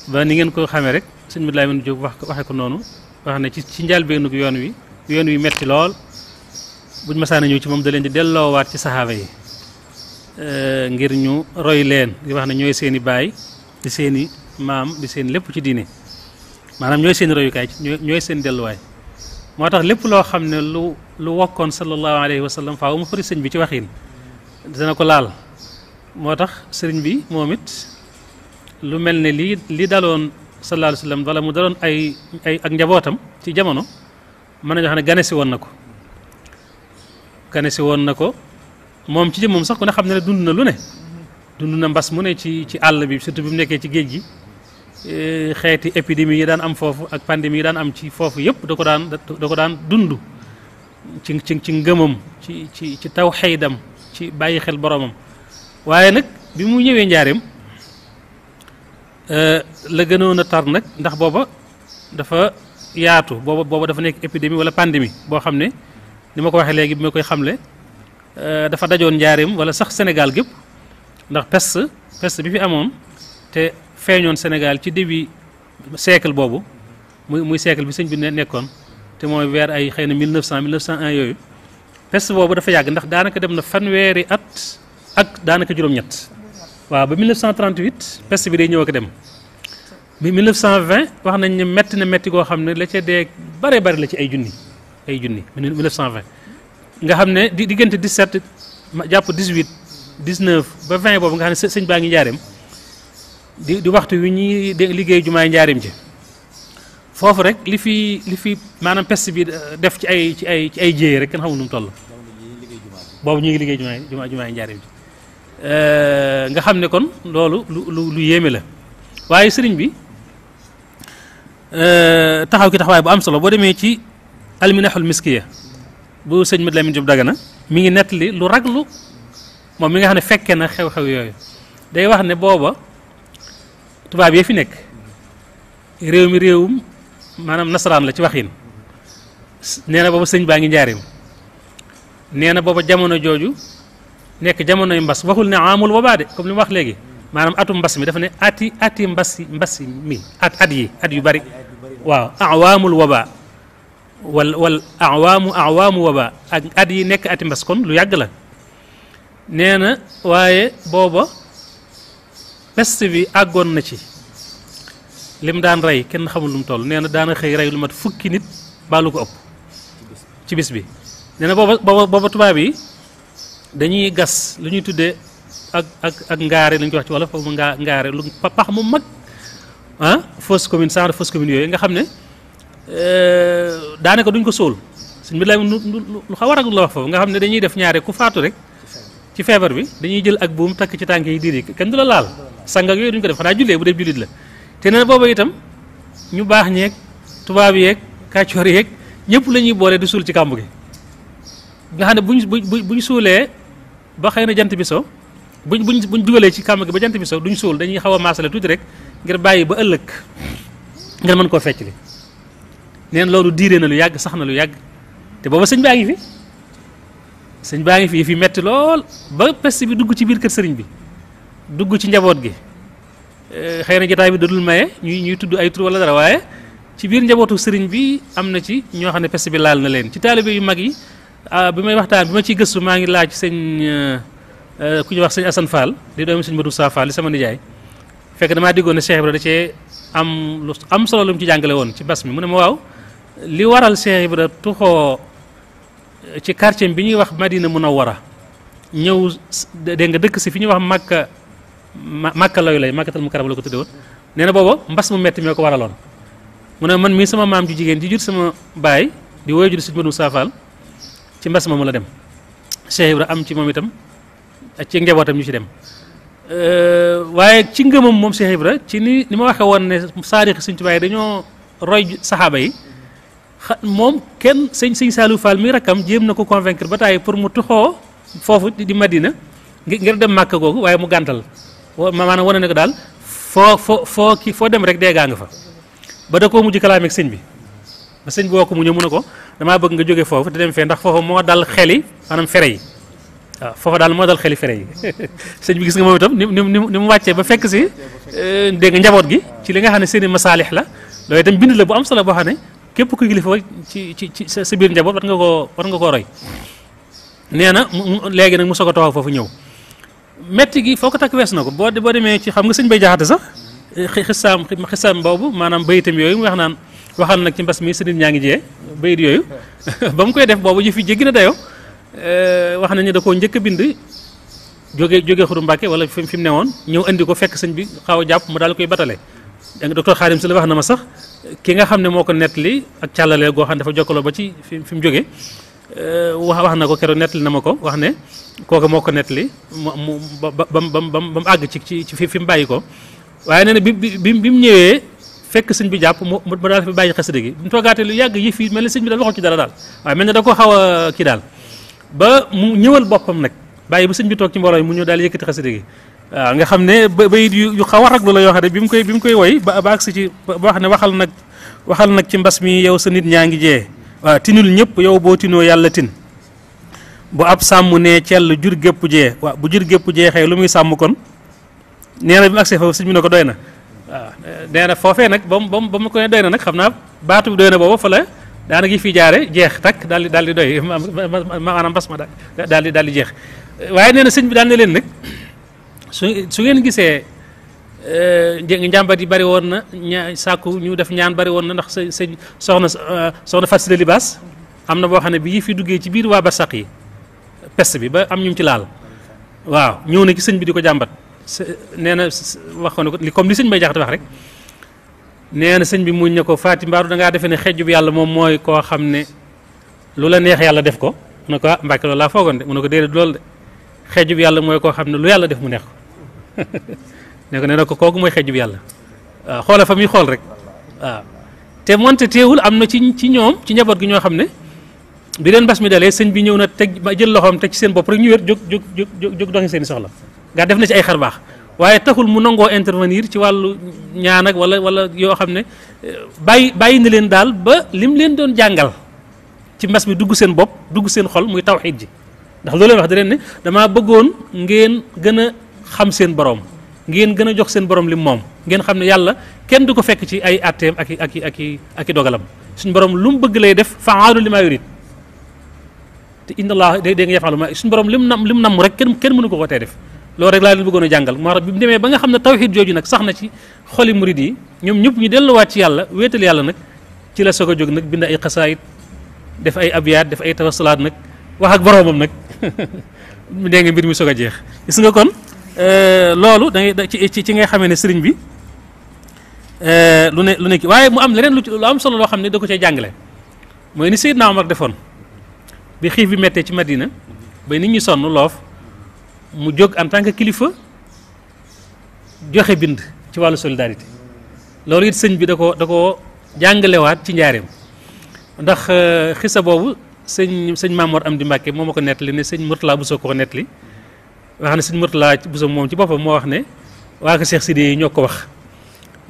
ba ni ngeen koo xamee rek sëñ Mawlana Diop wax waxee ko noonu wax ne ci ci njàlbéenu yoon wi yoon wi metti lool. buñ masaana ñëw ci moom da leen di delloowaat ci saxaaba yi eh, ngir ñu roy leen di wax ne ñooy seeni i baay di seen i maam di seen lépp ci diine maanaam ñooy seeni i royukaay ñooy seen delluwaay moo tax lépp loo xam ne lu lu wokkoon sallallahu alayhi wa sallam mu fëri sëñ bi ci waxin dana ko laal moo tax sëriñ bi moom it lu mel ne lii li daloon sallallahu alayhi wa wala mu daloon ay ay ak njabootam ci jamono mën nañu xam ne ganesi woon na ko gane si woon na ko moom ci jëmmam sax ku ne xam ne dund na lu ne dund na mbas mu ne ci ci àll bi surtout bi mu nekkee ci géej gi e, xeeti épidémie yi daan am foofu ak pandémie yi daan am ci foofu yëpp da ko daan da ko daan dund ci ci ci ngëmam ci ci ci taw xeydam ci bàyyi xel boromam waaye nag bi mu ñëwee njaareem e, la gënoon a tar nag ndax booba dafa yaatu booba booba dafa nekk épidémie wala pandémie boo xam ne ni ma ko waxee léegi bi ma koy xamle euh, dafa dajoon njaareem wala sax Sénégal gépp ndax peste peste bi fi amoon te feeñoon Sénégal ci début siècle boobu muy muy siècle bi sëñ bi nekkoon te mooy weer ay xëy na 1900 1901 yooyu pest boobu dafa yàgg ndax daanaka dem na fanweeri at ak daanaka juróom-ñett waaw ba 1938 peste bi day ñëw ak dem bi 1920 wax nañ ne metti na metti koo xam ne la ca dee bare bari la ci ay junni. ay junni nga xam ne di diggante 17 jàpp 18 19 ba 20 boobu nga xam ne sëñ baa ngi njaareem di di waxtu wi ñuy liggéey jumaay foofu rek li fi li fi maanaam peste bi euh, def ci ay ci ay ci ay jéye rek kenn xamul nu mu toll ñu ngi liggéey jumaay jumaay jumaay euh, nga xam ne kon loolu lu lu lu yéeme la waaye sëriñ bi euh, taxaw ki taxawaay bu am solo boo demee ci alminahul miskiya bu sëñ Mate Lamine Diop Dagana mi ngi nettali lu raglu moom mi nga xam ne fekkee na xew-xew yooyu day wax ne booba tubaab yee fi nekk réew mi réewum maanaam nasaraan la ci waxin nee na booba sëñ baa ngi njaareem nee na booba jamono jooju nekk jamonoy mbas waxul ne amul boobaa de comme li mu wax léegi maanaam atu mbas mi dafa ne ati ati mbas mbas mi at at yi at yu bari waaw awaamul wabaa wal wal awaamu awaamu waba ak at yi nekk ati mbas kon lu yàgg la nee na waaye booba peste bi àggoon na ci lim daan rey kenn xamul lu mu toll nee na daana xëy rey lu mat fukki nit baalu ko ëpp ci bis bi nee na booba booba booba tubaab yi dañuy gas lu ñuy tuddee ak ak ak ngaare lañ ko wax ci wala foofu ngaa ngaare lu pax mu mag ah fausse commune centre fausse commune yooyu nga xam ne Euh, daanaka duñ ko sóol sëñ bi laay xaw a ragul la wax nga xam ne dañuy def ñaare ku rek ci feebar bi dañuy jël ak buum takk ci tànk yi diir yi kenn du la laal sang ak yooyu duñ ko def xanaa jullee bu dee jullit la te nee na booba itam ñu baax ñeeg tubaab yeeg kàccoor yeeg ñëpp lañuy boole di suul ci kàmbu gi nga xam ne buñ buñ buñ suulee ba xëy na jant bi so buñ buñ buñ dugalee ci kàmb gi ba jant bi so duñ suul dañuy xaw a maasale tuuti rek ngir bàyyi ba ëllëg ngeen mën koo fecc li neen loolu diire na lu yàgg sax na lu yàgg te booba sëñ baa ngi fi sëñ baa ngi fi fi metti lool ba pest bi dugg ci biir kër sëriñ bi dugg ci njaboot gi eh, xëy na jotaay bi dadul maye ñuy ñuy tudd ay tur wala dara waaye ci biir njabootu sëriñ bi am na ci ñoo xam ne pest bi laal na leen ci taalibe yu mag yi ah, bi may waxtaan bi ma ciy gëstu maa ngi laaj sëñ eh, eh, ku ñuy wax sëñ Assane Fall di doomi sëñ Badou Sa Fall di sama nijaay fekk damaa diggoon ne Cheikh da cee am lu am solo lu mu ci jàngale woon ci bas mi mu ne ma waaw li waral Cheikh Ibra tuxoo ci quartier bi ñuy wax Madina Munawwara ñëw dégg nga dëkk si fi ñuy wax Makka Makka looyu lay Makkatal Mukarrama la ko tuddewoon nee na booba mbas mu metti mee ko waraloon mu ne man mii sama maam ju jigéen di jur sama baay di woy jur si mënu saafaal ci mbas moomu la dem Cheikh am ci moom itam ci njabootam ñu ci dem euh, waaye ci ngëmam moom Cheikh Ibra ci ni ni ma waxee woon ne saarixi Sëñ Tuubaa yi dañoo roy saxaaba yi xa moom kenn sëñ sëñ Saliou Fall mi rakkam jéem na ko convaincre ba tàyyi pour mu tuxoo foofu di Madina ngir dem Màkka googu waaye mu gàntal maanaam wane ne ko daal foo foo foo kii foo dem rek deegaa nga fa ba da koo mujj kalaame ak sëñ bi ba sëñ mu ñëw mu ne ko damaa bëgg nga jóge foofu te dem fee ndax foofu moo dal xeli maanaam fere yi waaw daal moo dal yi sëñ bi nga moom itam ni mu ni mu wàccee ba fekk si eh, dégg njaboot gi ci li nga xam ne seen i masaalix la loolu itam bind la bu am solo boo xam ne képp kuy kilifa ci ci ci sa biir njaboot war nga koo war nga koo roy nee na léegi nag mu soog a taxaw foofu ñëw metti gi foo ko takk wees na ko boo boo demee ci xam nga sëñ bay jaxate sax eh, xisaam xisaam boobu maanaam bayitam yooyu mu wax naan waxal nag ci mbas mi sëriñ ñaa ngi jiyee bayit yooyu ba mu koy def boobu ñu fi jéggi na dayoo eh, wax nañu da koo njëkk bind jóge jóge xuru mbàkke wala fi mu newoon ñëw indi ko fekk sëñ bi xaw a jàpp mu daal koy batale dégg nga docteur Xaadim Sële wax na ma sax ki nga xam ne moo ko nettali ak càllalee goo xam ne dafa jokkaloo ba ci fi fi mu jógee euh, wax wax na ko keroog nettali na ma ko wax ne kooku moo ko nettali mu mu ba ba mu àgg ci ci fi mu bàyyi ko waaye nee na bi bi bi mu ñëwee fekk sëñ bi jàpp mu mu daal fi bàyyi xasida gi bu mu toogaatee lu yàgg yëf yi mel ni sëñ bi daal waxu ci dara daal waaye mel ne da ko xaw ki kii daal ba mu ñëwal boppam nag bàyyi bu sëñ bi toog ci mbooloo yi mu ñëw daal yëkkati xasida gi waaw nga xam ne ba bayit yu xaw a raglu la yoo xam bi mu koy bi mu koy woy ba ba agsi ci ba wax ne waxal nag waxal nag ci mbas mi yow sa nit ñaa ngi jee waaw tinul ñëpp yow boo tinoo yàlla tin bu ab sàmm nee cell jur gépp jee waaw bu jur gépp jee lu muy sàmm kon nee na bi mu agsee foofu sëñ bi ne ko doy na waaw nee na foofee nag ba mu ba mu ko ne doy na nag xam naa baatu bi doy na booba fa la daanaka yi fi jaare jeex takk dal di daal di doy maanaam mbas ma daal di daal di jeex waaye nee na sëñ bi dal ne leen su su ngeen gisee eh, njàmbat yi bari woon na ña sàkku ñu def ñaan bari woon na ndax sa sëñ soxna eh, soxna far Seye Libaas am na boo xam ne bi fi duggee ci biir waa Barsaq yi peste bi ba am ñu ci laal waaw ñëw na ci sëñ bi di ko jàmbat nee na wax ko ne ko li comme li sëñ bay jaxate wax rek nee na sëñ bi muñ ne ko Fatou Mbaaru da defee ne xejju yàlla moom mooy koo xam ne lu la neex yàlla def ko mu ne ko ah Mbàkke loolu laa foogoon de mu na ko déedéet loolu de xejju bi yàlla mooy koo xam ne lu yàlla def mu neex ne ko ne na ko kooku mooy xejub yàlla waaw ah, xoola fa muy xool rek waaw ah, te monte teewul am na ci ci ñoom ci njaboot gi ñoo xam ne bi leen bas mi dalee sëñ bi ñëw na teg ba jël loxoom teg ci seen bopp rek ñu wér jóg jóg jóg jóg doxi seen i soxla nga na ci ay xar baax waaye taxul mu nangoo intervenir ci wàllu ñaan wala wala yoo xam ne eh, bàyyi bàyyi na leen daal ba lim leen doon jàngal ci mbas mi dugg seen bopp dugg seen xol muy tawxiid ji ndax loolu wax da ne damaa bëggoon ngeen gën xam seen boroom ngeen gën a jox seen borom lim moom ngeen xam ne yàlla kenn du ko fekk ci ay atteem ak i ak i ak i ak i dogalam suñu borom lu mu bëgg lay def faalu li maa yurid te inna allah day nga yafalu maa suñu borom lim nam lim nam rek kenn kenn mënu ko ko tee def loolu rek laa leen bëggoon a jàngal moo tax bi mu demee ba nga xam ne tawxid jooju nag sax na ci xoli murid yi ñoom ñëpp ñu delluwaat ci yàlla wéetal yàlla nag ci la soo a jóg nag bind ay xasaayit daf ay abiyaat def ay tawassulaat nag wax ak boroomam nag dégg nga mbir mi soog a jeex gis Euh, loolu da ngay ci ci ngay xamee ne sëriñ bi euh, lu ne lu ne waaye mu am leneen lu lu am solo loo xam ne da ko cee jàngale mooy ni Seydina Omar defoon bi xiif bi méttee ci Madina ba nit ñi sonn loof mu jóg en tant que kilifa joxe bind ci wàllu solidarité it sëñ bi da ko da ko jàngalewaat ci njaareem ndax euh, xisa boobu sëñ sëñ Maamoor di Mbàkke moo ma ko nettali ne sëñ Murtala bu soo ko nettali wax na sëñ Murtala Bousso moom ci boppam moo wax ne waa ko Cheikh yi ñoo ko wax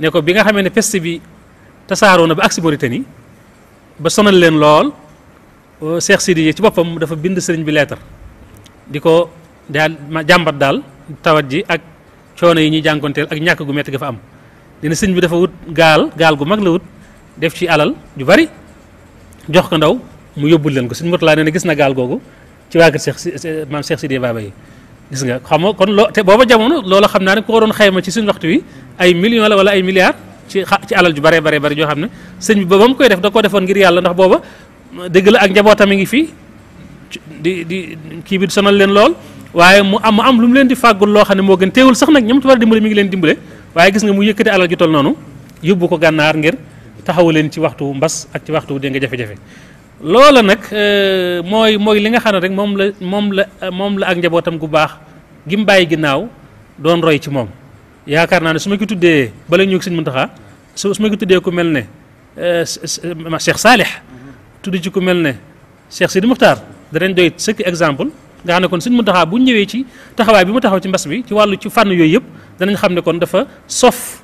ne ko bi nga xamee ne peste bi tasaaroo na ba agsi Mauritanie ba sonal leen lool Cheikh yi ci boppam dafa bind sëriñ bi leetar di ko daal jàmbat daal tawat ji ak coono yi ñuy jànkonteel ak ñàkk gu metti ga am dina sëñ bi dafa wut gaal gaal gu mag la wut def ci alal yu bari jox ko ndaw mu yóbbul leen ko sëñ Murtala nee na gis na gaal googu ci waa kër Cheikh maam Baba yi gis nga xam nga kon loo te booba jamono loola xam naa ne ku ko doon xayma ci seen waxtu wi ay millions la wala ay milliards ci ci alal ju bare bare bare joo xam ne sëñ bi ba mu koy def da koo defoon ngir yàlla ndax booba dëgg la ak njabootam a ngi fii di di kii bi sonal leen lool waaye mu am mu am lu mu leen di fàggul loo xam ne moo gën teewul sax nag ñoom ci war a dimbale mi ngi leen dimbale waaye gis nga mu yëkkati alal ju tol noonu yóbbu ko gànnaar ngir taxawu leen ci waxtu mbas ak ci waxtu dégg nga jafe-jafe loola nag euh, mooy mooy li nga xam ne rek moom la moom la moom la ak njabootam gu baax gi mu bàyyi ginnaaw doon roy ci moom yaakaar naa ne su ma ko tuddee bala ñu sëñ Muntaxa su su ma ko tuddee ku mel ne euh, Cheikh Saalix tudd ci ku mel ne Cheikh Sidi Muxtaar danañ doy sëkk exemple nga xam ne kon sëñ Muntaxa bu ñëwee ci taxawaay bi mu taxaw ci mbas bi ci wàllu ci fànn yooyu yëpp danañ xam ne kon dafa sof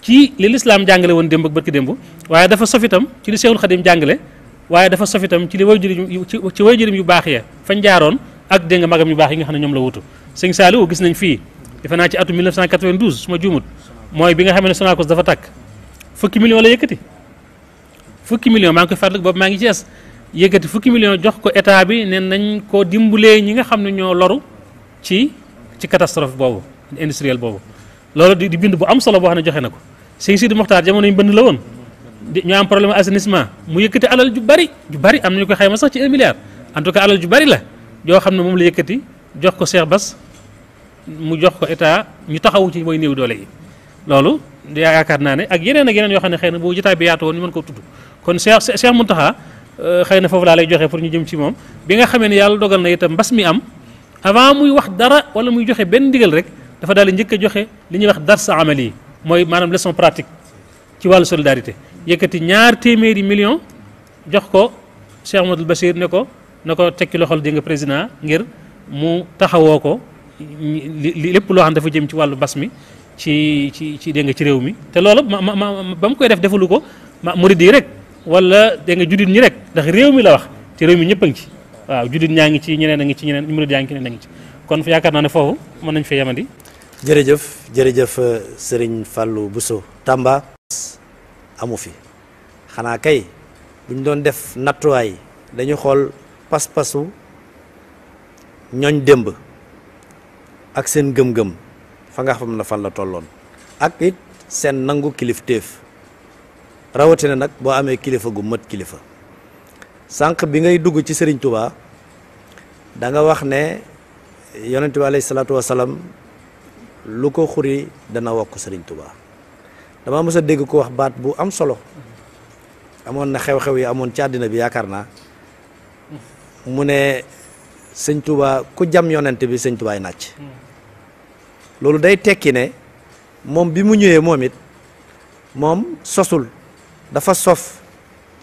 ci li lislaam jàngale woon démb ak bët ki démb waaye dafa sof itam ci li Seexul Xadim jàngale waaye dafa sof itam ci li way jëriñ ci yu baax ya fañ jaaroon ak dégg nga magam yu baax yi nga xam ne ñoom la wutu sëñ Saliou gis nañ fii defe naa ci atum 1992 su ma juumut mooy bi nga xam ne Sonacos dafa takk fukki million la yëkkati fukki million maa ngi koy fàttaliku boobu maa ngi Cees yëkkati fukki million jox ko état bi ne nañ koo dimbalee ñi nga xam ne ñoo loru ci ci catastrophe boobu industrielle boobu loolu di bind bu am solo boo xam ne joxe na ko sëñ Sidi Moxtaar jamono yi mbënd la woon ñu am problème assainissement mu yëkkati alal ju bari ju bari am na ñu ko xayma sax ci un milliard en alal ju bari la yoo xam ne moom la yëkkati jox ko Cheikh bas mu jox ko état ñu taxawu ci mooy néew doole yi loolu yaakaar naa ne ak yeneen ak yeneen yoo xam ne xëy na bu jotaay bi yaatu woon ñu mën koo tudd kon Cheikh Cheikh Mountakha euh, xëy na foofu laa lay joxe pour ñu jëm ci moom bi nga xamee ne yàlla dogal na itam mbas mi am avant muy wax dara wala muy joxe benn ndigal rek dafa daal njëkk a joxe li ñuy wax dars amali mooy maanaam leçon pratique ci wàllu solidarité yëkkati ñaar téeméeri million jox ko Cheikh Amadou Bachir ne ko na ko tekki loxol di nga président ngir mu taxawoo ko li lépp loo xam dafa jëm ci wàllu bas mi ci ci ci dégg ci réew mi te loolu ma ma ba mu koy def defalu ko ma murid yi rek wala dégg nga juddit ñi rek ndax réew mi la wax te réew mi ñëpp a ci waaw juddit ñaa ngi ci ñeneen a ngi ci ñeneen murid yaa ngi ci ñeneen a ngi ci kon yaakaar naa ne foofu mën nañu fee yemandi. jërëjëf jërëjëf euh, Serigne Fallou Bousso tàmba amu fi xanaa kay buñ doon def nattuwaay dañu xool pas-pasu ñooñ démb ak seen gëm-gëm fa nga xam na fan la tolloon ak it seen nangu kilifteef rawatina nag boo amee kilifa gu mat kilifa sànq bi ngay dugg ci Serigne Touba da wax ne yonent bi alayhi salaatu wasalaam lu ko xuri dana wokk Serigne Touba. damaa mës dégg ko wax baat bu am solo amoon na xew-xew yi amoon ci àddina bi yaakaar naa mu ne sëñ Touba ku jam yonent bi sëñ Toubaay nàcc loolu day tekki ne moom bi mu ñëwee moom it moom sosul dafa sof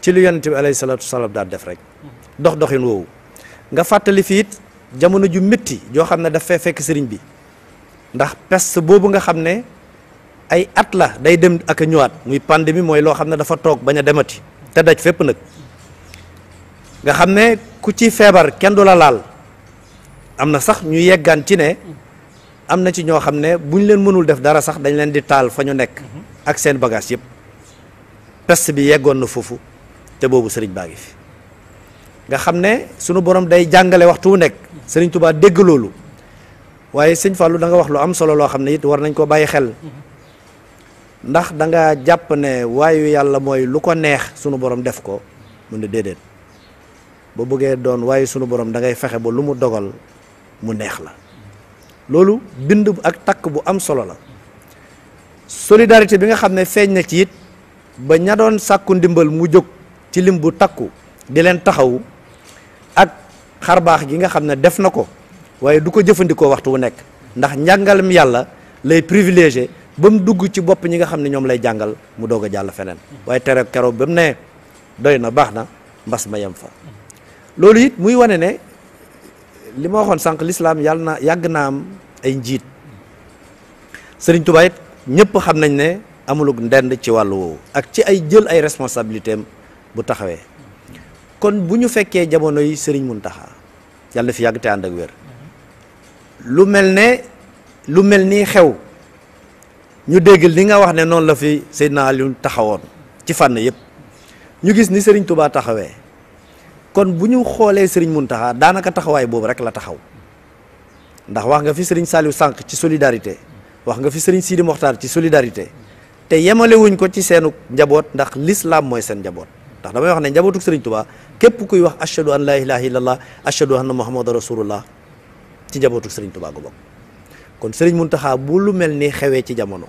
ci lu yonent bi alayhi salaatu salaam daal def rek dox doxin woowu nga fàttali fii it jamono ju métti joo xam ne daf fekk sëriñ bi ndax peste boobu nga xam ne ay at la day dem ak a ñëwaat muy pandémie mooy loo xam ne dafa toog bañ a demati te daj fépp nag nga xam ne ku ci feebar kenn du la laal am na sax ñu yeggaan ci ne am na ci ñoo xam ne bu ñu leen mënul def dara sax dañ leen di taal fa ñu nekk ak seen bagage yëpp peste bi yeggoon na foofu te boobu sëriñ baa ngi fi nga xam ne sunu borom day jàngale waxtu wu nekk sëriñ tubaat dégg loolu waaye sëñ Fallou da nga wax lu am solo loo xam ne it war nañ koo bàyyi xel ndax danga jàpp ne waayu yàlla mooy lu ko neex sunu borom def ko mu ne déedéet ba bëggee doon waayu sunu borom da ngay fexe ba lu mu dogal mu neex la loolu bind ak takk bu am solo la solidarité bi nga xam ne feeñ na ci it ba ña doon sàkku ndimbal mu jóg ci lim bu takku di leen taxawu ak xarbaax gi nga xam ne def na ko waaye du ko jëfandikoo waxtu wu nekk ndax njàngalem yàlla lay privilégié ba mu dugg ci bopp ñi nga xam ne ñoom lay jàngal mu doog a jàll feneen waaye tere keroog ba mu nee doy na baax na mbas ma yem fa loolu it muy wane ne li ma waxoon sànq lislaam yàlla na yàgg naa am ay njiit sëriñ Tuubaa it ñëpp xam nañ ne amulug ndend ci wàllu woowu ak ci ay jël ay responsabilité bu taxawee kon bu ñu fekkee jamono yi sëriñ Muntaxa yàlla na fi yàgg te ànd ak wér lu mel ne lu mel nii xew ñu dégg li nga wax ne noonu la fi Seydina Aliou taxawoon ci fànn yëpp ñu gis ni Serigne tubaa taxawee kon bu ñu xoolee Serigne Mountakha daanaka taxawaay boobu rek la taxaw ndax wax nga fi Serigne Saliou sànq ci solidarité wax nga fi Serigne Sidi Mokhtar ci solidarité te yemale wuñ ko ci seenu njaboot ndax l'islam mooy seen njaboot ndax damay wax ne njabootuk sëriñ Touba képp kuy wax ashhadu an la ilaha illallah ashhadu anna muhammadan rasulullah ci njabootuk Serigne Touba gu kon Serigne Mountakha bu lu mel ni xewee ci jamono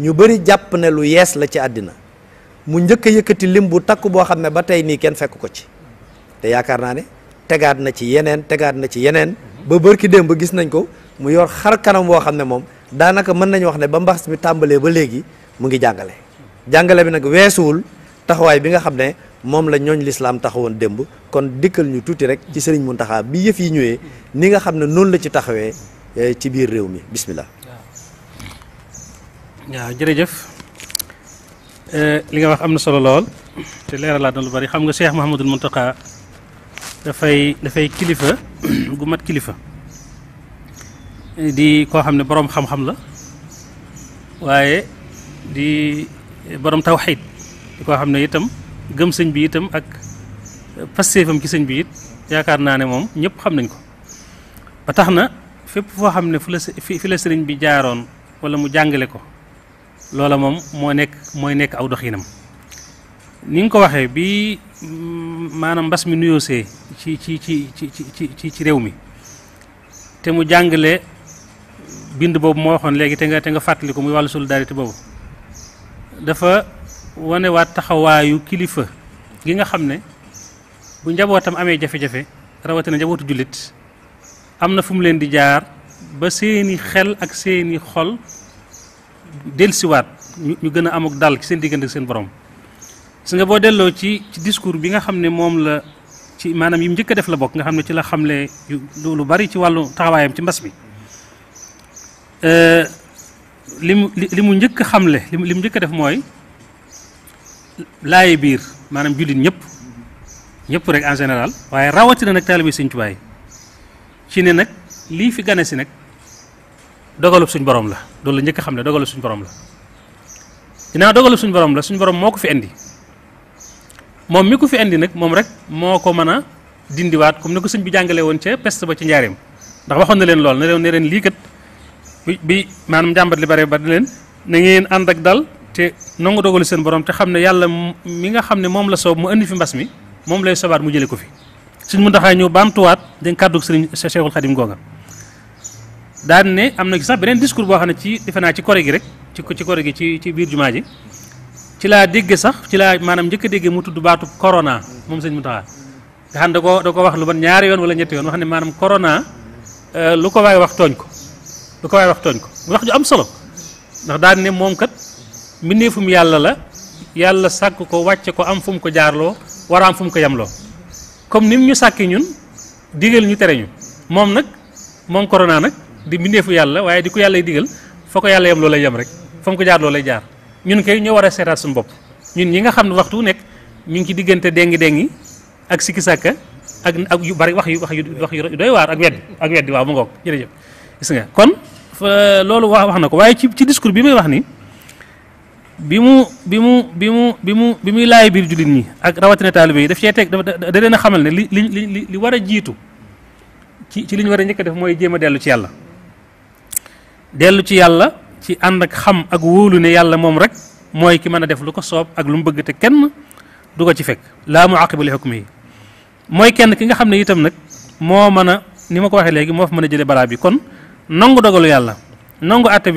ñu bëri jàpp ne lu yees la ci àddina mu njëkk a yëkkati lim bu takk boo xam ne ba tey nii kenn fekk ko ci te yaakaar naa ne tegaat na ci yeneen tegaat na ci yeneen ba bërki démb gis nañ ko mu yor xar kanam woo xam ne moom daanaka mën nañu wax ne ba mbas mi tàmbalee ba léegi mu ngi jàngale jàngale bi nag weesuwul taxawaay bi nga xam ne moom la ñooñ lislaam taxawoon démb kon dikkal ñu tuuti rek ci Serigne Mountakha bi yëf yi ñëwee ni nga xam ne noonu la ci taxawee Eh, ci biir réew mi bismillah waaw jërëjëf eh, li nga wax am na solo lool te laa doon lu bari xam nga Cheikh Mouhamadul Mountakha dafay dafay kilifa gu mat kilifa eh, di koo xam ne boroom xam-xam la waaye di boroom tawxiid di koo xam ne itam gëm sëñ bi itam ak pastéefam ci sëñ bi it yaakaar naa ne moom ñëpp xam nañ ko ba tax na fépp foo xam ne fu la fi la sëriñ bi jaaroon wala mu jàngale ko loola moom moo nekk mooy nekk aw doxinam ni nga ko waxee bi mm, maanaam mbas mi nuyoosee ci ci ci ci ci ci ci réew mi te mu jàngale bind boobu moo waxoon léegi te nga te nga fàttali ko muy wàllu solidarité boobu dafa wanewaat taxawaayu kilifa gi nga xam ne bu njabootam amee jafe-jafe rawatina njabootu jullit am na fu mu leen di jaar ba seeni xel ak seeni xol dellusiwaat ñu gën a am dal ci seen diggante ak seen borom su nga boo delloo ci ci discours bi nga xam ne moom la ci maanaam yi mu njëkk def la bokk nga xam ne ci la xamle lu bari ci wàllu taxawaayam ci mbas mi euh, li mu li mu njëkk a xamle li mu njëkk a def mooy laaye biir maanaam jullit ñëpp ñëpp rek en général waaye rawatina nag taalibe Sëñ Tuubaa ci ne nag lii fi gane si nag dogalub suñ borom la loolu la njëkk xam ne dogalub suñ borom la ginnaaw dogalub suñ borom la suñ borom moo ko fi indi moom mi ko fi indi nag moom rek moo ko mën a dindiwaat comme ni ko sëñ bi jàngalee woon ca peste ba ci njaareem ndax waxoon na leen lool ne leen ne leen lii kat bi maanaam jàmbat li bare ba di leen na ngeen ànd ak dal te nangu dogalu seen borom te xam ne yàlla mi nga xam ne la soob mu indi fi mbas mi moom lay sobaat mu jëlee ko fi. suñ Muntaxa ñëw bantuwaat dañ kàddu sëriñ Cheikhul Khadim googa daan ne am na ci sax beneen discours boo xam ne ci defe naa ci kore gi rek ci ci kore gi ci ci biir jumaa ji ci laa dégg sax ci laa maanaam njëkk a dégg mu tudd baatu korona moom sëñ Muntaxa nga xam da ko da ko wax lu ban ñaari yoon wala ñetti yoon wax ne maanaam corona euh, lu ko waaye wax tooñ ko lu ko waaye wax tooñ ko mu wax ju am solo ndax daan ne moom kat mbindeefum yàlla la yàlla sàkk ko wàcce ko am fu mu ko jaarloo war a am fu mu comme ni mu ñu sàkki ñun digal ñu tere ñu moom nag moom corona nag di bindeefu yàlla waaye di ko yàlla digal fa ko yàlla yem loo lay yem rek fa mu ko jaar loo lay jaar ñun kay ñoo war a seetaat suñu bopp ñun ñi nga xam ne waxtu nekk ñu ngi ci diggante dengi dengi ak sikki sàkka ak ak yu bari wax yu wax yu wax yu doy waar ak weddi ak weddi waaw mu ngoog jërëjëf gis nga kon loolu wax wax na ko waaye ci ci discours bi may wax ni bi mu bi mu bi mu bi mu bi muy laay biir jullit ñi ak rawatina taalibe yi daf cee teg da leen a xamal ne li li li war a jiitu ci ci li ñu war a njëkk def mooy jéem a dellu ci yàlla dellu ci yàlla ci ànd ak xam ak wóolu ne yàlla moom rek mooy ki mën a def lu ko soob ak lu mu bëgg te kenn du ko ci fekk laa mu àqiba li yi mooy kenn ki nga xam ne itam nag moo mën a ni ma ko waxee léegi moo fa mën a jële balaa bi kon nangu dogalu yàlla nangu àtte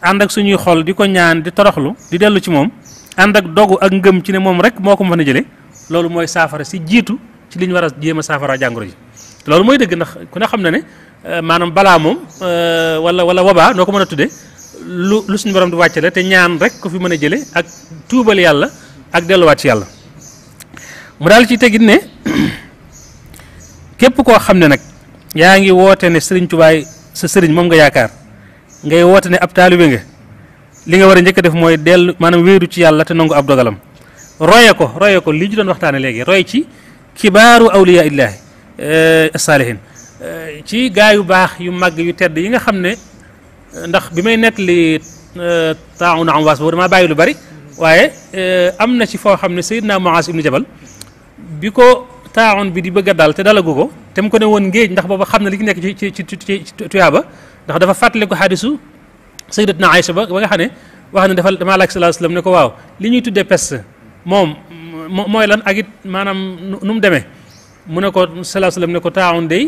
ànd ak suñuy xol di ko ñaan di toroxlu di dellu ci moom ànd ak dogu ak ngëm ci ne moom rek moo ko mën a jëlee loolu mooy saafara si jiitu ci li ñu war a jéem a saafara jàngoro ji loolu mooy dëgg ndax ku ne xam ne ne euh, maanaam balaa moom euh, wala wala wabaa noo ko mën a tuddee lu lu suñu borom di wàcce la te ñaan rek ko fi mën a jëlee ak tuubal yàlla ak delluwaat ci yàlla. mu daal ci tegit ne képp koo xam ne nag yaa ngi woote ne sëriñ tubaay sa sëriñ moom nga yaakaar. ngay woote ne ab taalibe nga li nga war a njëkk a def mooy dell maanaam wéeru ci yàlla te nangu ab dogalam roye ko roye ko lii ñu doon waxtaane léegi roy ci kibaaru awliyaa illaahi eh, saalihin eh, ci gaa yu baax yu màgg yu tedd yi nga xam ne ndax bi may nekk li eh, na am waas boobu damaa bàyyi lu bari waaye am na ci foo xam ne Seydina Muaas ibnu Jabal bi ko taawon bi di bëgg a dal te dalagu ko te mu ko ne woon ngéej ndax booba xam na li ci nekk ci ci ci tuyaaba ndax dafa fàttali ko xaadisu sayyidatna Aïcha ba ba nga xam ne wax ne dafa damaa laaj sallallahu alayhi wasallam ne ko waaw li ñuy tuddee peste moom mooy lan ak it maanaam nu mu demee mu ne ko sallallahu alayhi wasallam ne ko taawoon day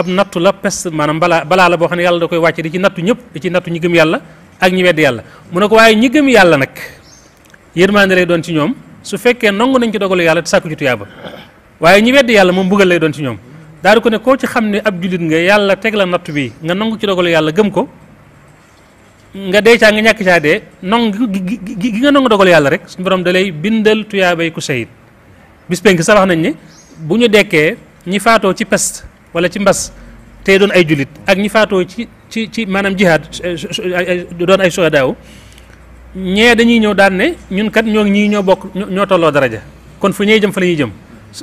ab nattu la peste maanaam balaa balaa la boo xam ne yàlla da koy wàcce di ci nattu ñëpp di ci nattu ñi gëm yàlla ak ñi wedd yàlla mu ne ko waaye ñi gëm yàlla nag yërmande lay doon ci ñoom su fekkee nangu nañ ci dogalu yàlla te sàkku ci tuyaaba waaye ñi weddi yàlla moom mbugal lay doon ci ñoom daal ko ne koo ci xam ne ab jullit nga yàlla teg la natt bi nga nangu ci dogalu yàlla gëm ko nga dee ñàkk caa dee nong gi gi yàlla rek suñu borom dalay lay bindal tuyaabay ku sayit bis penk sax wax nañ ne bu ñu dekkee ñi faatoo ci peste wala ci mbas tey doon ay jullit ak ñi faatoo ci ci ci maanaam jihaad doon ay soodaaw ñee dañuy ñëw daal ne ñun kat ñoo ñii ñoo bokk ñoo tolloo daraja kon fu ñuy jëm fa la ñuy jëm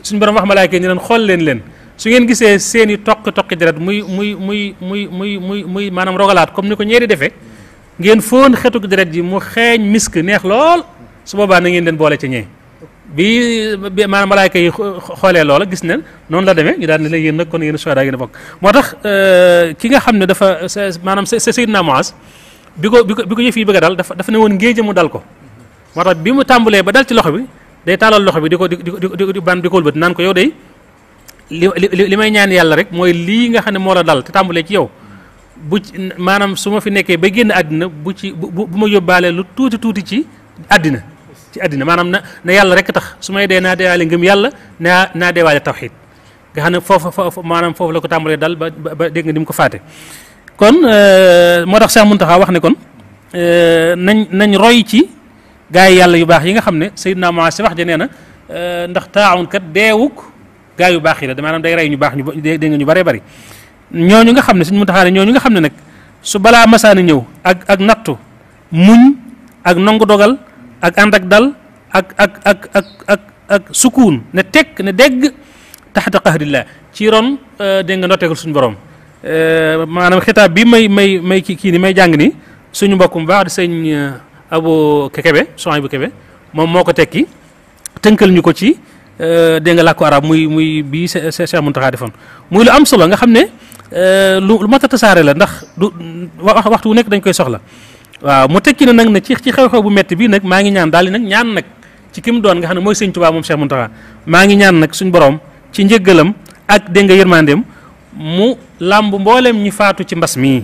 suñu borom wax malaayka yi ni leen xool leen leen su ngeen gisee seeni i toqi-toqi deret muy muy muy muy muy muy muy maanaam rogalaat comme ni ko ñeeri defee ngeen foon xetuk deret yi mu xeeñ misk neex lool su boobaa na ngeen leen boole ca ñee bi maanaam malaayka yi xoolee loola gis ne noonu la demee ñu daal ne la yéen nag kon yéen soda yéen a bokk moo tax euh, ki nga xam ne dafa maanaam sa Seydina Muaz bi ko bi ko bi ko yëf yi bëgg a dal dafa dafa ne woon ngéej mu dal ko moo tax bi day taalal loxo bi di ko di di ban di ko wëlbati naan ko yow day li may ñaan yàlla rek mooy lii nga xam ne moo la dal te tàmbalee ci yow bu maanaam su ma fi nekkee ba génn àddina bu ci bu ma yóbbaalee lu tuuti tuuti ci àddina ci àddina maanaam na na yàlla rek tax su may dee naa deewaale yàlla naa naa deewaale tawxiid nga xam ne foofu foofu maanaam la ko tàmbalee dal ba ba dégg nga ni mu ko faate kon euh, moo tax Cheikh Mountakha wax ne kon euh, nañ nañ roy ci gaa yi yàlla yu baax yi nga xam ne Seydina Muaas si wax ja nee na euh, ndax taawun kat deewuk gaa yu baax la dama maanaam day rey ñu baax ñu dégg nga ñu bëree bëri ñooñu nga xam ne suñu mu ñoo ñooñu nga xam ne nag su balaa masaan ñëw ak ak nattu muñ ak nangu dogal ak ànd ak dal ak ak ak ak ak ak sukuun ne tekk ne dégg taxta qahrillah ci ron euh, dégg nga ndoteekul suñu borom euh, maanaam xitaab bi may may may kii nii may jàng ni suñu mbokkum baax di sëñ abu kebe soxna bu kebe moom moo ko tekki tënkal ñu ko ci euh, dégg nga làkku arab muy muy bii Cheikh Mountakha defoon muy lu am solo nga xam ne euh, lu lu mat a la ndax du waxtu wu nekk dañ koy soxla waaw mu tekki na nag ne ci ci xew-xew bu metti bii nag maa ngi ñaan daal di nag ñaan nag ci ki doon nga xam ne mooy sëñ Tuubaa moom Cheikh Mountakha maa ngi ñaan nag suñ borom ci njëggalam ak dégg nga yërmandeem mu làmb mbooleem ñi faatu ci mbas mii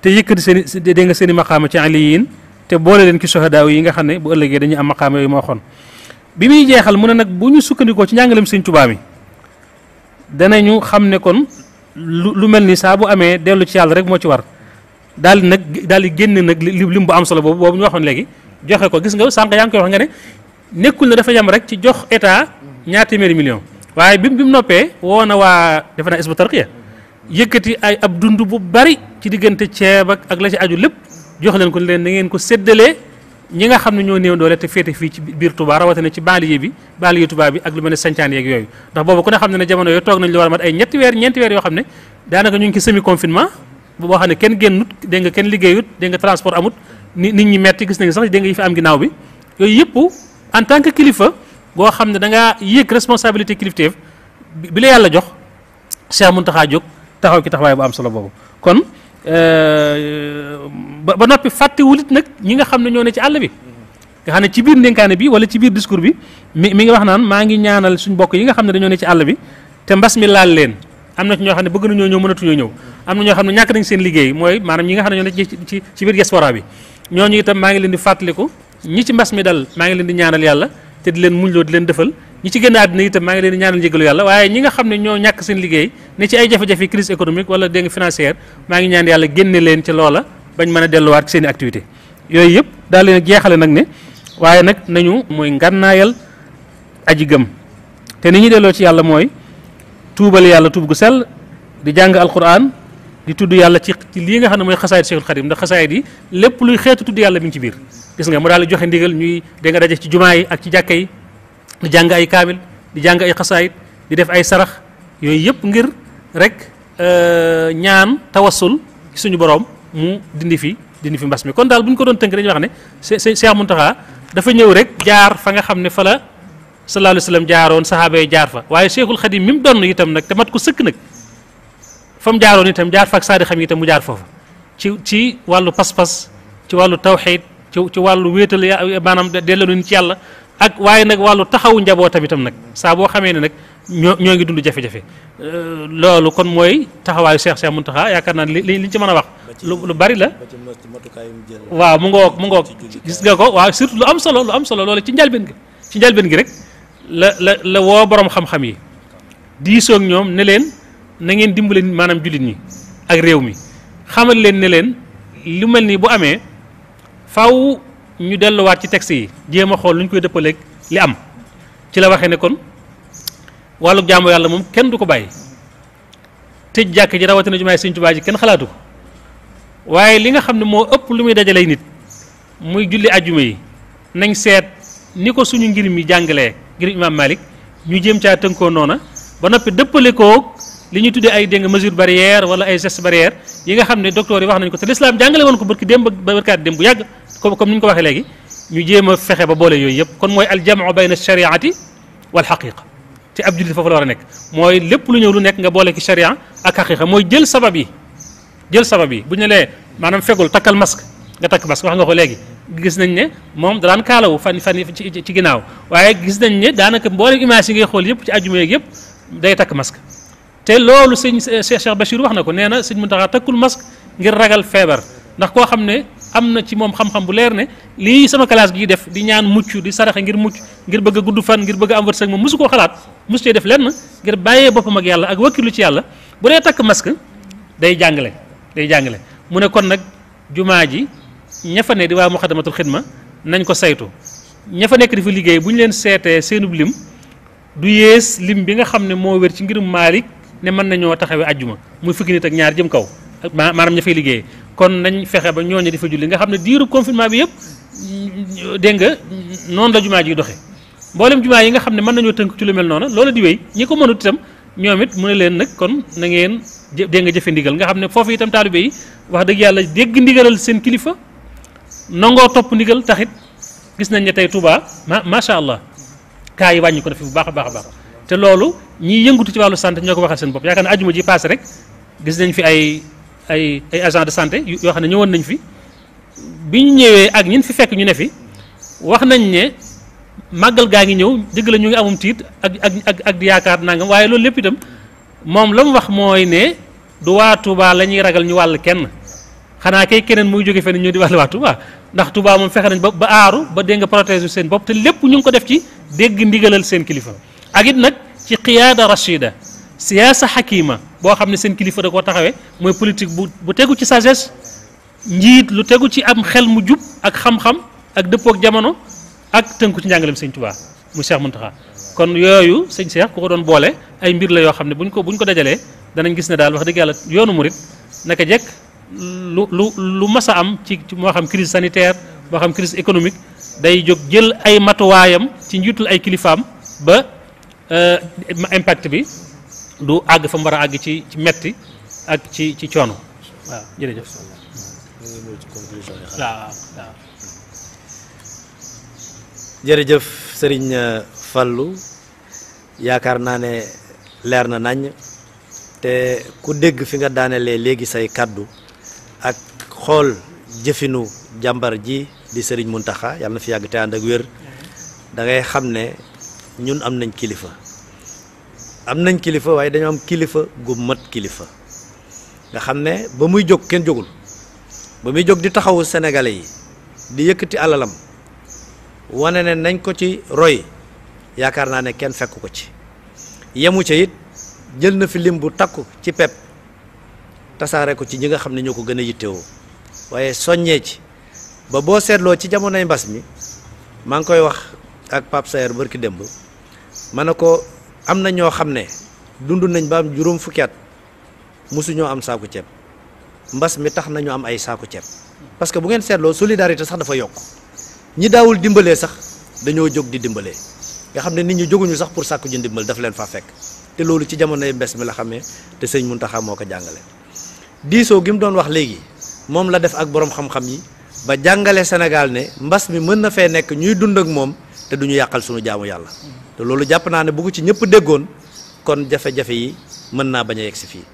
te yëkkati seen te boole leen ci soxadaaw yi nga xam ne bu ëllëgee dañuy am maqaam yooyu moo xoon bi muy jeexal mu ne nag bu ñu sukkandikoo ci njàngaleem sëñ Tuubaa mi ñu xam ne kon lu mel ni saa bu amee dellu ci yàlla rek moo ci war dal di nag daal di génn nag lim bu am solo boobu boobu ñu waxoon léegi joxe ko gis nga sànq yaa ngi koy wax nga ne nekkul ne dafa yam rek ci jox état ñaar téeméeri million waaye bi bi mu noppee woo na waa defe naa Hizbut yëkkati ay ab dund bari ci diggante ceeb ak la ci aju lépp jox leen ko leen na ngeen ko séddalee ñi nga xam ne ñoo néew doole te féete fii ci biir Touba rawatina ci banlieue bi banlieue Touba bi ak lu mel ne sancaan yeeg yooyu ndax boobu ku ne xam ne ne jamono yooyu toog nañ lu war a ne daanaka ñu ngi ci semi confinement boo xam ne kenn génnut dégg nga kenn liggéeyut dégg nga transport amut ni nit ñi gis nañ sax dégg nga yi fi am ginnaaw bi yooyu yëpp en tant que kilifa boo xam ne da ngaa yéeg responsabilité kilifteef bi la yàlla jox mun taxaa jóg taxaw ci taxawaay bu am solo boobu Euh, ba noppi fàttewulit nag ñi nga xam ne ñoo ne ci àll bi nga xam ne ci biir ndénkaane bi wala ci biir discours bi mi mi ngi wax naan maa ngi ñaanal suñ bokk yi nga xam ne dañoo ne ci àll bi te mbas mi laal leen am na ci ñoo xam ne bëgg nañoo ñëw mënatuñoo ñëw am na ñoo xam ne ñàkk nañ seen liggéey mooy maanaam ñi nga xam ne ñoo ne ci ci biir diaspora bi ñooñu itam maa ngi leen di fàttaliku ñi ci mbas mi dal maa ngi leen di ñaanal yàlla te di leen muñloo di leen defal ñi ci génn àddina itam maa ngi leen di ñaanal njëgalu yàlla waaye ñi nga xam ne ñoo ñàkk seen liggéey ne ci ay jafe-jafe crise économique wala dégg financière maa ngi ñaan yàlla génne leen ci loola bañ mën a delluwaat ci seen i yooyu yëpp daal leen jeexale nag ne waaye nag nañu mooy ngànnaayal aji gëm te ni ñuy delloo ci yàlla mooy tuubal yàlla tuub gu sell di jàng al alquran di tudd yàlla ci ci lii nga xam ne mooy xasaayid Cheikhul Khadim ndax xasaayid yi lépp luy xeetu tudd yàlla mi ngi ci biir gis nga mu daal di joxe ndigal ñuy da nga daje ci jumaa yi ak ci jàkka yi di jàng ay kaamil di jàng ay xasaayid di def ay sarax yooyu yëpp ngir rek euh, ñaan tawassul ci suñu borom mu dindi fi dindi fi mbas mi kon daal bu ñu ko doon tënk dañuy wax ne Cheikh taxaa dafa ñëw rek jaar fa nga xam ne fa la sallallahu alayhi jaaroon saxaaba yi jaar fa waaye Cheikhul Khadim mi mu doon itam nag te mat ko sëkk nag fa mu jaaroon itam jaar faak saadi xam itam mu jaar foofu ci ci wàllu pas-pas ci wàllu tawxiid ci ci wàllu wéetal maanaam delloo ni ci yàlla ak waaye nag wàllu taxawu njabootam itam nag saa boo xamee ne nag ñoo ñoo ngi dund jafe-jafe euh, loolu kon mooy taxawaayu Cheikh Cheikh Mountakha yaakaar naa li li ñu ci mën a wax. lu bari la. waaw mu ngoog mu ngoog gis nga ko waaw surtout lu am solo lu am solo loolu ci njalbeen gi ci njalbeen gi rek la la la woo boroom xam-xam yi diisoog ñoom ne leen. na ngeen dimbale maanaam jullit ñi ak réew mi xamal leen ne leen lu mel nii bu amee faw ñu delluwaat ci texte yi jéem a xool lu ñu koy dëppaleeg li am ci la waxee ne kon wàllu jaamu yàlla moom kenn du ko bàyyi tëj jàkk ji rawatina jumaay Sëñ Tuubaa ji kenn xalaatu ko waaye li nga xam ne moo ëpp lu muy dajalay nit muy julli ajjuma yi nañ seet ni ko suñu ngir mi jàngalee ngir imaam Malik ñu jéem caa tënkoo noona ba noppi dëppale koo li ñuy tuddee ay dégg nga mesure barrière wala ay geste barrière yi nga xam ne docteur yi wax nañ ko te lislaam jàngale woon ko barki démb barkaat démb bu yàgg comme comme ko waxee léegi ñu jéem fexe ba boole yooyu yëpp kon mooy aljamaa bayna shariati wal xaqiqa te ab jullit foofu la war a nekk mooy lépp lu ñëw lu nekk nga boole ki sharia ak xaqiqa mooy jël sabab yi jël sabab yi bu ñu lee maanaam fegul takkal masque nga takk masque wax nga ko léegi gis nañ ne moom daan kaalawu fan fan ci ginnaaw waaye gis nañ ne daanaka mboolem image yi ngay xool yëpp ci àjjuma yeeg yëpp day takk masque te loolu sëñ Cheikh Cheikh Bachir wax na ko nee na sëñ Muntaxa takkul masque ngir ragal feebar ndax koo xam ne am na ci moom xam-xam bu leer ne lii sama classe gii def di ñaan mucc di saraxe ngir mucc ngir bëgg gudd fan ngir bëgg a am wërsëg moom mosu koo xalaat mosu cee def lenn ngir bàyyee boppam ak yàlla ak wakkilu ci yàlla bu dee takk masque day jàngale day jàngale mu ne kon nag jumaa ji ña fa ne di waa muxadamatul xidma nañ ko saytu ñafa nekk di fa liggéey bu ñu leen seetee seenub lim du yées lim bi nga xam ne moo wér ci ngirum Maalik ne mën nañoo taxawee ajjuma muy fukki nit ak ñaar jëm kaw maanaam ña fay liggéeyee kon nañ fexe ba ñooñu di fa julli nga xam ne diiru confinement bi yëpp dégg nga noonu la jumaa ji doxe mboolem jumaa yi nga xam ne mën nañoo tënk ci lu mel noonu loolu di wéy ñi ko mënut itam ñoom it mu ne leen nag kon na ngeen dégg nga jëfe ndigal nga xam ne foofu itam taalibe yi wax dëgg yàlla dégg ndigalal seen kilifa nangoo topp ndigal taxit gis nañ ne tey tubaa ma macha allah kaa yi wàññi ko na bu baax a baax baax te loolu ñiy yëngatu ci wàllu santé ñoo ko waxal seen bopp yaakaar ne ajuma ji paase rek gis nañ fi ay ay ay agent de santé yoo xam ne ñëwoon nañ fi bi ñu ñëwee ak ñin fi fekk ñu ne fi wax nañ ne màggal gaa ngi ñëw dëgg la ñu ngi amum tiit ak ak ak di yaakaar nangam waaye loolu lépp itam moom la mu wax mooy ne du waa Touba la ñuy ragal ñu wàll kenn xanaa kay keneen muy jóge feneen ñoo di wàll waa Touba ndax Touba moom fexe nañ ba ba aaru ba dégg nga protéger seen bopp te lépp ñu ngi ko def ci dégg ndigalal seen kilifa. ak it nag ci qiyaada rachida siyaasa xakima boo xam ne seen kilifa da koo taxawee mooy politique bu bu tegu ci sagesse njiit lu tegu ci am xel mu jub ak xam-xam ak dëppook jamono ak tënku ci njàngaleem sëñ Tuubaa mu Cheikh Muntaxa kon yooyu sëñ Cheikh ku ko doon boole ay mbir la yoo xam ne buñ ko buñ ko dajalee danañ gis ne daal wax dëgg yàlla yoonu murit naka jekk lu lu lu mas a am ci moo xam crise sanitaire moo xam crise économique day jóg jël ay matuwaayam ci njiitul ay kilifaam ba. Euh, impact bi du àgg fa mu àgg ci ci metti ak ci ci coono waaw jërëjëf. waaw waaw. Euh, yaakaar naa ne leer na naññ te ku dégg fi nga daanelee léegi say kàddu ak xool jëfinu jàmbar ji di sëriñ Mountakha yàlla na fi yàgg te ànd ak wér da xam ne. ñun am nañ kilifa am nañ kilifa waaye dañoo am kilifa gu mat kilifa nga xam ne ba muy jóg kenn jógul ba muy jóg di taxawu sénégalais yi di yëkkati alalam wane ne nañ ko ci roy yaakaar naa ne kenn fekk ko ci yemu ca it jël na fi lim bu takku ci pepp tasaare ko ci ñi nga xam ne ñoo ko gën a yittewoo waaye soññee ci ba boo seetloo ci jamonoy mbas mi maa ngi koy wax ak Pape Sayer barki démb ma ne ko am na ñoo xam ne dund nañ ba am juróom fukki at mosuñoo am saaku ceeb mbas mi tax nañu am ay saaku ceeb parce que bu ngeen seetloo solidarité sax dafa yokk ñi daawul dimbalee sax dañoo jóg di dimbalee nga xam ne nit ñu jóguñu sax pour sàkku ju ndimbal daf leen faa fekk te loolu ci jamonoy mbes mi la xamee te sëñ Muntaxa moo ko jàngale diisoo gi mu doon wax léegi moom la def ak boroom xam-xam yi ba jàngale Sénégal ne mbas mi mën na fee nekk ñuy dund ak moom te duñu yàqal suñu jaamu yàlla te loolu jàpp naa ne bu ci ñëpp déggoon kon jafe-jafe yi mën naa bañ a yegg si fii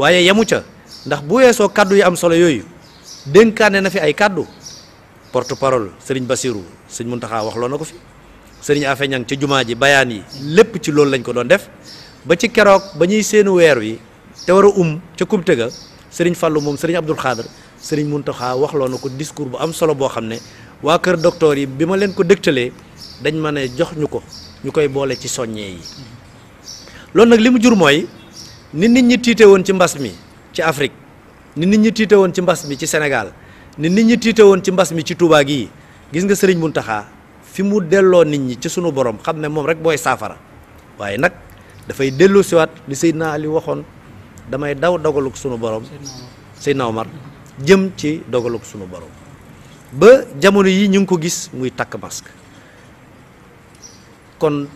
waaye yemu ca ndax bu weesoo kàddu yi am solo yooyu dénkaane na fi ay kàddu porte parole sëriñ Basirou sëñ Muntaxa waxloo na ko fi sëriñ Afe Ñang ci jumaa ji bayaan yi lépp ci loolu lañ ko doon def ba ci keroog ba ñuy seenu weer wi te war a um ca kumte ga sëriñ Fàllu moom sëriñ Abdul Xaadar sëriñ Muntaxa waxloo na ko discours bu am solo boo xam ne waa kër docteur yi bi ma leen ko dëgtalee dañ ma ne jox ko ñu koy boole ci soññee yi loolu nag li mu jur mooy ni nit ñi tiite woon ci mbas mi ci Afrique ni nit ñi tiite woon ci mbas mi ci Sénégal ni nit ñi tiite woon ci mbas mi ci Touba yi gis nga sëriñ Serigne Mountakha fi mu delloo nit ñi ci sunu borom xam ne moom rek booy saafara waaye nag dafay dellu siwaat li naa li waxoon damay daw dogaluk sunu borom naw Omar jëm ci dogaluk sunu borom ba jamono yi ñu ngi ko gis muy takk masque kon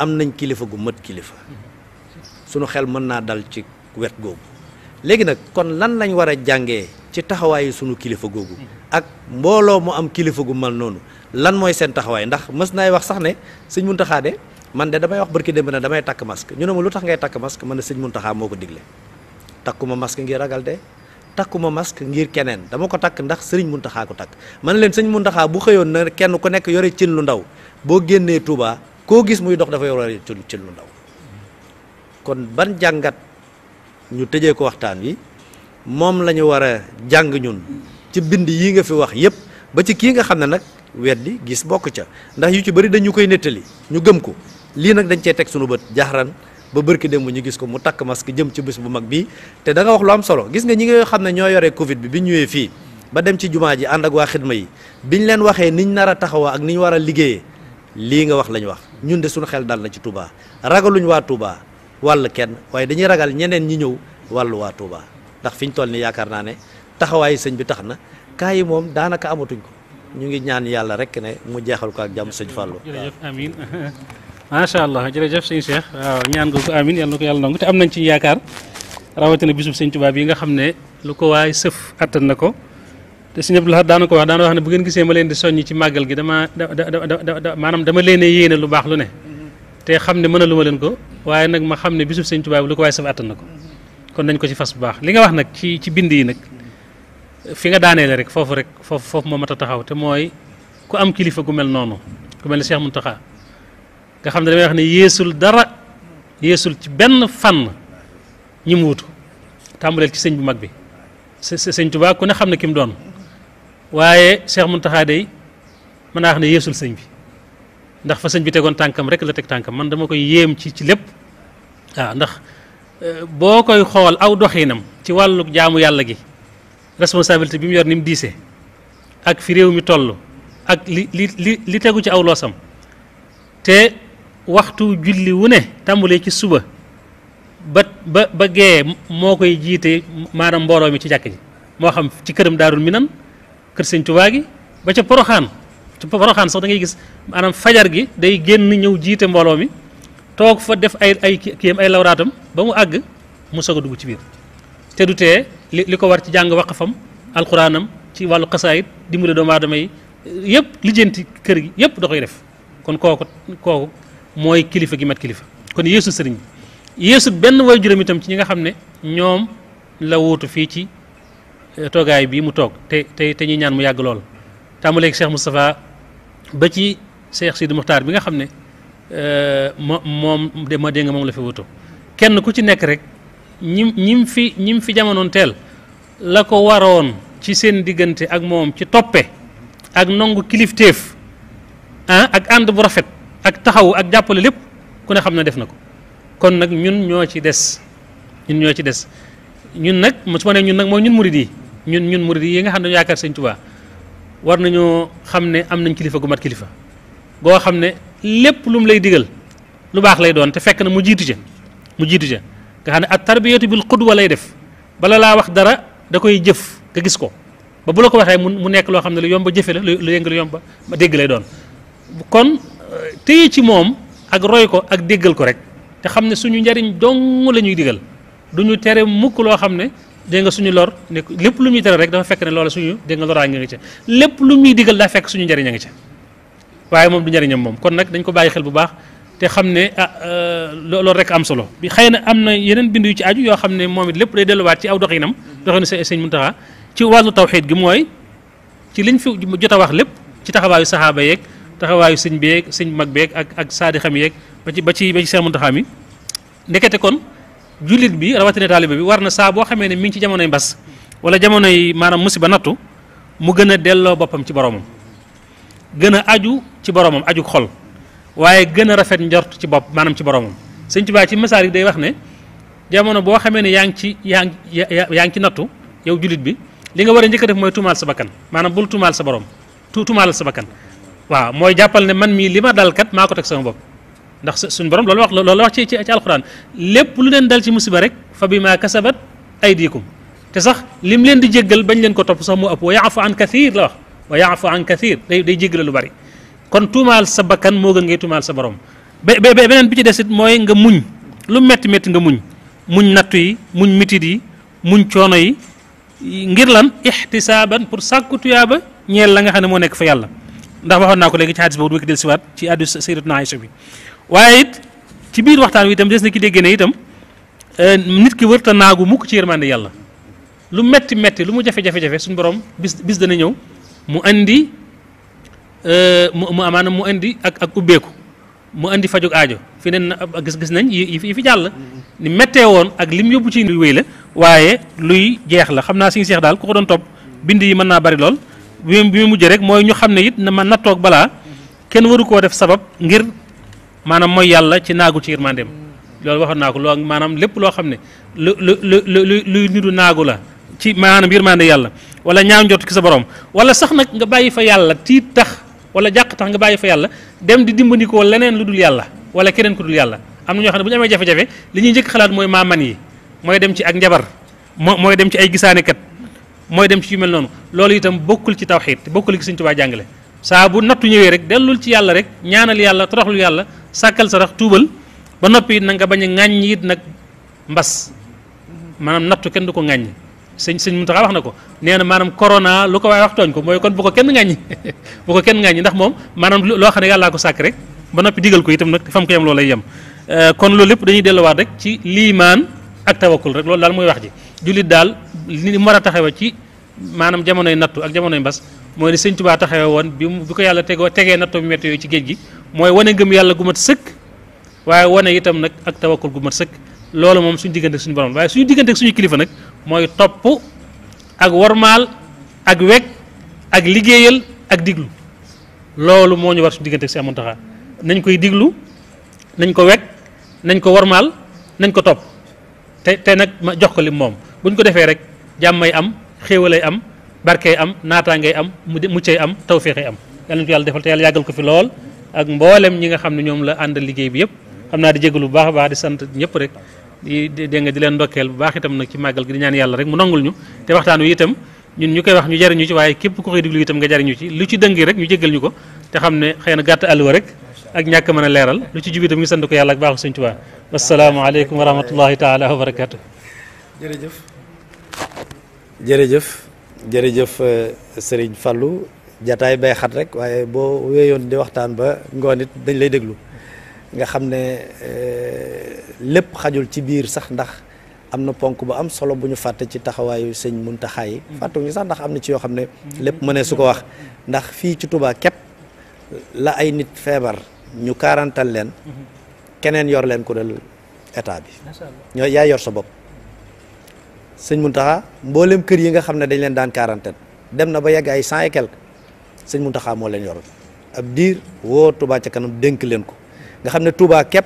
am nañ kilifa gu mët kilifa sunu xel mën naa dal ci wet googu léegi nag kon lan lañ war a jàngee ci taxawaayu sunu kilifa googu ak mbooloo mu am kilifa gu mel noonu lan mooy seen taxawaay ndax mës naay wax sax ne sëñ Muntaxa de man de damay wax barki démb na damay takk masque ñu ne ma lu tax ngay takk masque man ne sëñ Muntaxa moo ko digle takkuma masque ngir ragal de takkuma masque ngir keneen dama ko takk ndax sëriñ Muntaxa ko takk man leen sëñ Muntaxa bu xëyoon na kenn ku nekk yore cin lu ndaw boo génnee Touba. koo gis muy dox dafa yore ci ci lu ndaw kon ban jàngat ñu tëjee ko waxtaan wi moom lañu ñu war a jàng ñun ci bind yi nga fi wax yépp ba ci kii nga xam ne nag weddi gis bokk ca ndax yu ci bari dañu koy nettali ñu gëm ko lii nag dañ cee teg sunu bët jaaxran ba bërki démb ñu gis ko mu takk masque jëm ci bés bu mag bii te danga wax lu am solo gis nga ñi nga xam ne ñoo yore Covid bi bi ñëwee fii ba dem ci jumaa ji ànd ak waa xidma yi biñ leen waxee niñ nar a taxawaa ak niñ war a liggéeyee lii nga wax lañ wax ñun de suñu xel dal na ci Touba ragaluñ waa Touba wàll kenn waaye dañuy ragal ñeneen ñi ñëw wàllu waa Touba ndax fi ñu toll ni yaakaar naa ne taxawaay sëñ bi tax na kaa yi moom daanaka amatuñ ko ñu ngi ñaan yàlla rekk ne mu jeexal ko ak jàmm sëñ Fallou. jërëjëf amiin macha allah jërëjëf sëñ Cheikh waaw ñaan googu amiin yàlla na ko yàlla nangu te am nañ ci yaakaar rawatina bisub sëñ Touba bi nga xam ne lu ko waay sëf attan na ko. te Sëñ Abdou Lahad daana ko wax daana wax ne bu ngeen gisee ma leen di soññ ci màggal gi dama da da maanaam dama leen a yéene lu baax lu ne te xam ne mën a lu ma leen ko waaye nag ma xam ne bisub Sëñ Tuubaa bi lu ko waaye saf àttan na ko kon nañ ko ci fas bu baax li nga wax nag ci ci bind yi nag fi nga daaneele rek foofu rek foofu foofu moo mat a taxaw te mooy ku am kilifa gu mel noonu ku mel ni seex Cheikh Mountakha nga xam ne damay wax ne yéesul dara yéesul ci benn fan ñi mu wutu ci sëñ bu mag bi sëñ Tuubaa ku ne xam ne ki mu doon waaye Cheikh Mountakha day mën naa wax ne yeesul sëñ bi ndax fa sëñ bi tegoon tànkam rek la teg tànkam man dama koy yéem ci ci lépp waaw ndax euh, boo koy xool aw doxinam ci wàllu jaamu yàlla gi responsabilité bi mu yor ni mu diise ak fi réew mi toll ak li li li li tegu ci aw loosam te waxtu julli wu ne tàmbalee ci suba ba ba ba gee moo koy jiite maanaam mbooloo mi ci jàkk ji moo xam ci këram daarul minan kër sëñ Tuubaa gi ba ca poroxaan ca poroxaan sax da ngay gis maanaam fajar gi day génn ñëw jiite mbooloo mi toog fa def ay ay kiyam ay lawraatam ba mu àgg mu sog a dugg ci biir te du tee li li ko war ci jàng waqfam alxuraanam ci wàllu xasaayit dimbale doomu aadama yi yëpp lijjanti kër gi yëpp da def kon kooku kooku mooy kilifa gi mat kilifa kon yeesu sëriñ bi benn way juróom itam ci ñi nga xam ne ñoom la wuutu fii ci toogaay bii mu toog te te te ñuy ñaan mu yàgg lool tàmbaleeg Cheikh Moustapha ba ci Cheikh Sidi Muxtaar bi nga xam ne euh, mo moom de ma moom la fi kenn ku ci nekk rek ñim ñim fi ñim fi jamonoon teel la ko waroon ci seen diggante ak moom ci toppe ak nongu kilifteef ah ak ànd bu rafet ak taxawu ak jàppale lépp ku xam ne def na ko kon nag ñun ñoo ci des ñun ñoo ci des ñun nag su ma nee ñun nag mooy ñun di yi ñun ñun murid yi nga xam ne yaakaar sëñ Tuubaa war nañoo xam ne am nañ kilifa gu mat kilifa goo xam ne lépp lu mu lay digal lu baax lay doon te fekk na mu jiitu ca mu jiitu ca nga xam ne ak tarbiyatu bil qudwa lay def bala laa wax dara da koy jëf nga gis ko ba bu la ko waxee mu nekk loo xam ne lu yomb a jëfe la lu yëngal lu yomb a dégg lay doon kon euh, téye ci moom ak roy ko ak déggal ko rek te xam ne suñu njariñ dong la ñuy digal duñu tere mukk loo xam ne dégg nga suñu lor nekk lépp lu ñuy tere rek dafa fekk ne loola suñu dégg nga loraa nga ngi ca lépp lu muy digal daa fekk suñu njëriñ ngi ca waaye moom du njëriñam moom kon nag dañ ko bàyyi xel bu baax te xam ne ah euh, loolu rek am solo bi xëy na am na yeneen bind yu ci aju yoo xam ne moom it lépp day delluwaat ci aw doxinam doxinu sëñ Muntaxa ci wàllu tawxiid gi mooy ci liñ fi jot a wax lépp ci taxawaayu saxaaba yeeg taxawaayu sëñ beeg sëñ mag beeg ak ak saadi xam yeeg ba ci ba ci ba ci sëñ Muntaxa mi ndekete jullit bi rawatina taalibe bi war na saa boo xamee ne mi ngi ci jamonoy mbas wala jamonoy maanaam musiba nattu mu gën a delloo boppam ci boromam gën a aju ci boromam aju xol waaye gën a rafet njort ci bopp maanaam ci boromam sëñ Tuubaa ci misaal yi day wax ne jamono boo xamee ne yaa ngi ci yaa ngi yaa ngi ci nattu yow jullit bi li nga war a njëkk a def mooy tuumaal sa bakkan maanaam bul tuumaal sa borom tu tuumaalal sa bakkan waaw mooy jàppal ne man mii li ma dal kat maa ko teg sama bopp ndax suñu borom loolu wax loolu wax ci ci alxuraan lépp lu leen dal ci musiba rek fa bi maa kasabat aydikum te sax lim leen di jéggal bañ leen ko topp sax mu ëpp wa yaafu an kathir la wax wa yaafu an kathir day day jéggale lu bari kon tuumaal sa bakkan moo gën ngay tuumaal sa borom be beneen bi ci des it mooy nga muñ lu metti métti nga muñ muñ nattu yi muñ mitit yi muñ coono yi ngir lan ixtisaaban pour sàkku tuyaaba ñeel la nga xam ne moo nekk fa yàlla ndax waxoon naa ko léegi ci xadis boobu du ma ko dellusiwaat ci hadiis sayyidatuna Aysa bi waaye it ci biir waxtaan wi itam des na ki dégg ne itam euh, nit ki wërta naagu mukk ci yërmande yàlla lu metti metti lu mu jafe-jafe-jafe suñu borom bis bis dana ñëw mu andi euh, mu amaana mu indi ak ak ubbeeku mu indi fajug aajo fi neen gis gis nañ yi fi jàll ni mettee woon ak lim yóbbu ci luy wéy la waaye luy jeex la xam naa suñu seex daal ku ko doon topp bind yi mën naa bari lool bi mu mujj rek mooy ñu xam ne it na ma nattoog balaa kenn waru koo def sabab ngir maanaam mooy yàlla ci naagu ci yërmandeem loolu waxoon naa loo maanaam lépp loo xam ne lu lu lu lu luy nidu naagu la ci maanaam yërmande yàlla wala ñaaw njort ki sa borom wala sax nag nga bàyyi fa yàlla tiit tax wala jàq tax nga bàyyi fa yàlla dem di dimbandikoo leneen lu dul yàlla wala keneen ku dul yàlla am na ñoo xam ne bu ñu amee jafe-jafe li ñuy njëkk xalaat mooy maaman yi mooy dem ci ak njabar moo mooy dem ci ay gisaanekat mooy dem ci yu mel noonu loolu itam bokkul ci tawxiid bokkul ci Sëñ jàngale saa bu ñëwee rek dellul ci yàlla rek ñaanal yàlla toroxlu yàlla sàkkal sa rax tuubal ba noppi it na nga bañ a ŋàññ it nag mbas maanaam nattu kenn du ko ŋàññ sëñ sëñ Muntaxa wax na ko nee na maanaam corona lu ko waaye wax tooñ ko mooy kon bu ko kenn ŋàññi bu ko kenn ŋàññi ndax moom maanaam loo xam ne yàllaa ko sàkk rek ba noppi digal ko itam nag fam ko yem loolu yem euh, kon loolu lépp dañuy delluwaat rek ci liimaan ak tawakkul rek loolu daal mooy wax ji jullit daal li mu war a taxawe ci maanaam jamonoy nattu ak jamonoy mbas mooy ni sëñ Tuubaa taxawe woon bi mu bi ko yàlla tegoo tegee na bi metti ci géej gi mooy wane ngëm yàlla gu mat sëkk waaye wane itam nag ak tawakkul gu mat sëkk loolu moom suñu diggante suñu borom waaye suñu diggante ak suñu kilifa nag mooy topp ak wormaal ak weg ak liggéeyal ak diglu loolu moo ñu war suñu diggante ak Sëñ Muntaxa nañ koy diglu nañ ko weg nañ ko wormaal nañ ko topp te te nag ma jox ko li moom buñ ko defee rek jàmmay am xéewalay am barkey am naataangay am muccay am tawféexay am yàlla nañ ko yàlla defal te yàlla yàggal ko fi lool ak mboolem ñi nga xam ne ñoom la àndal liggéey bi yëpp xam naa di jégalu lu baax baax di sant ñëpp rek di dégg nga di leen ndokkeel bu baax itam nag ci màggal gi di ñaan yàlla rek mu nangul ñu te waxtaan wi itam ñu koy wax ñu jariñu ci waaye képp ku koy déglu itam nga jariñu ci lu ci dëngi rek ñu jégal ñu ko te xam ne xëy na gàtt àlluwa rek ak ñàkk mën a leeral lu ci jub itam ñu sant ko yàlla ak baaxu Sëñ Tuubaa wasalaamaaleykum wa rahmatullahi taala wa barakaatu jërëjëf jërëjëf jërëjëf euh, Sëriñ Fallou jataay bay xat rek waaye boo wéyoon di waxtaan ba ngoon it dañ lay déglu nga xam ne euh, lépp xajul ci biir sax ndax am na ponk bu am solo bu ñu fàtte ci taxawaayu sëñ Muntaxa yi mm-hmm. fàttu ñu sax ndax na ci yoo xam ne mm-hmm. lépp mënee su ko wax mm-hmm. ndax fii ci Touba képp la ay nit feebar ñu kaarantal leen keneen yor leen ku dal état bi ñoo yaay yor sa bopp sëñ Muntaxa mboolem kër yi nga xam ne dañ leen daan quarantaine dem na ba yegg ay cent quelque sëñ mu moo leen yoroon ab diir woo Touba ca kanam dénk leen ko nga xam ne Touba képp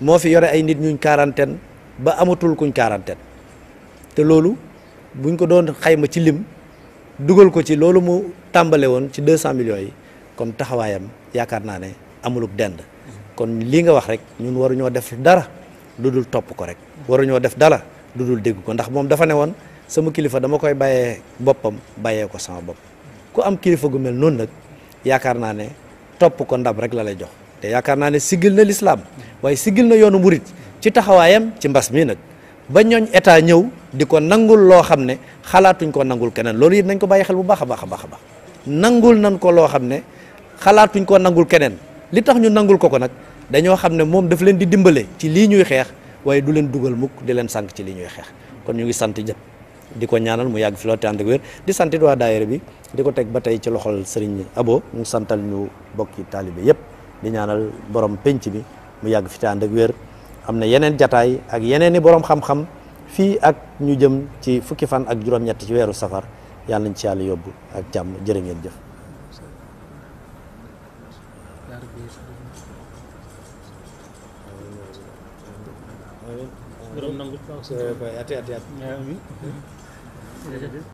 moo fi yore ay nit ñuñ quarantaine ba amatul kuñ quarantaine te loolu buñ ko doon xayma ci lim dugal ko ci loolu mu tàmbale woon ci 200 millions yi kon taxawaayam yaakaar naa ne amuluk dend kon lii nga wax rek ñun waruñoo def dara lu dul topp ko rek waruñoo def dara lu dul dégg ko ndax moom dafa ne woon sama kilifa dama koy bàyyee boppam bàyyee ko sama bopp ku am kilifa gu mel noonu nag yaakaar naa ne topp ko ndam rek la lay jox te yaakaar naa ne siggil na lislaam waaye sigil na yoonu murit ci taxawaayam ci mbas mii nag ba ñooñ état ñëw di ko nangul loo xam ne xalaatuñ ko nangul keneen loolu it nañ ko bàyyi xel bu baax a a baax baax nangul nañ ko loo xam ne xalaatuñ ko nangul keneen li tax ñu nangul ko ko nag dañoo xam ne moom daf leen di dimbale ci lii ñuy xeex waaye du leen dugal mukk di leen sànq ci lii ñuy xeex kon ñu ngi sant jëpp di ko ñaanal mu yàgg fi lool ak wér di santit waa bi di ko teg ba tey ci loxol Serigne Abo mu santal ñu bokki taalibe yépp di ñaanal boroom penc bi mu yàgg fi te ànd ak wér am na yeneen jataay ak yeneen i borom xam-xam fii ak ñu jëm ci fukki fan ak juróom-ñett ci weeru safar yàlla nañ ci yàlla yóbbu ak jàmm jërë ngeen jëf Teşekkür ederim.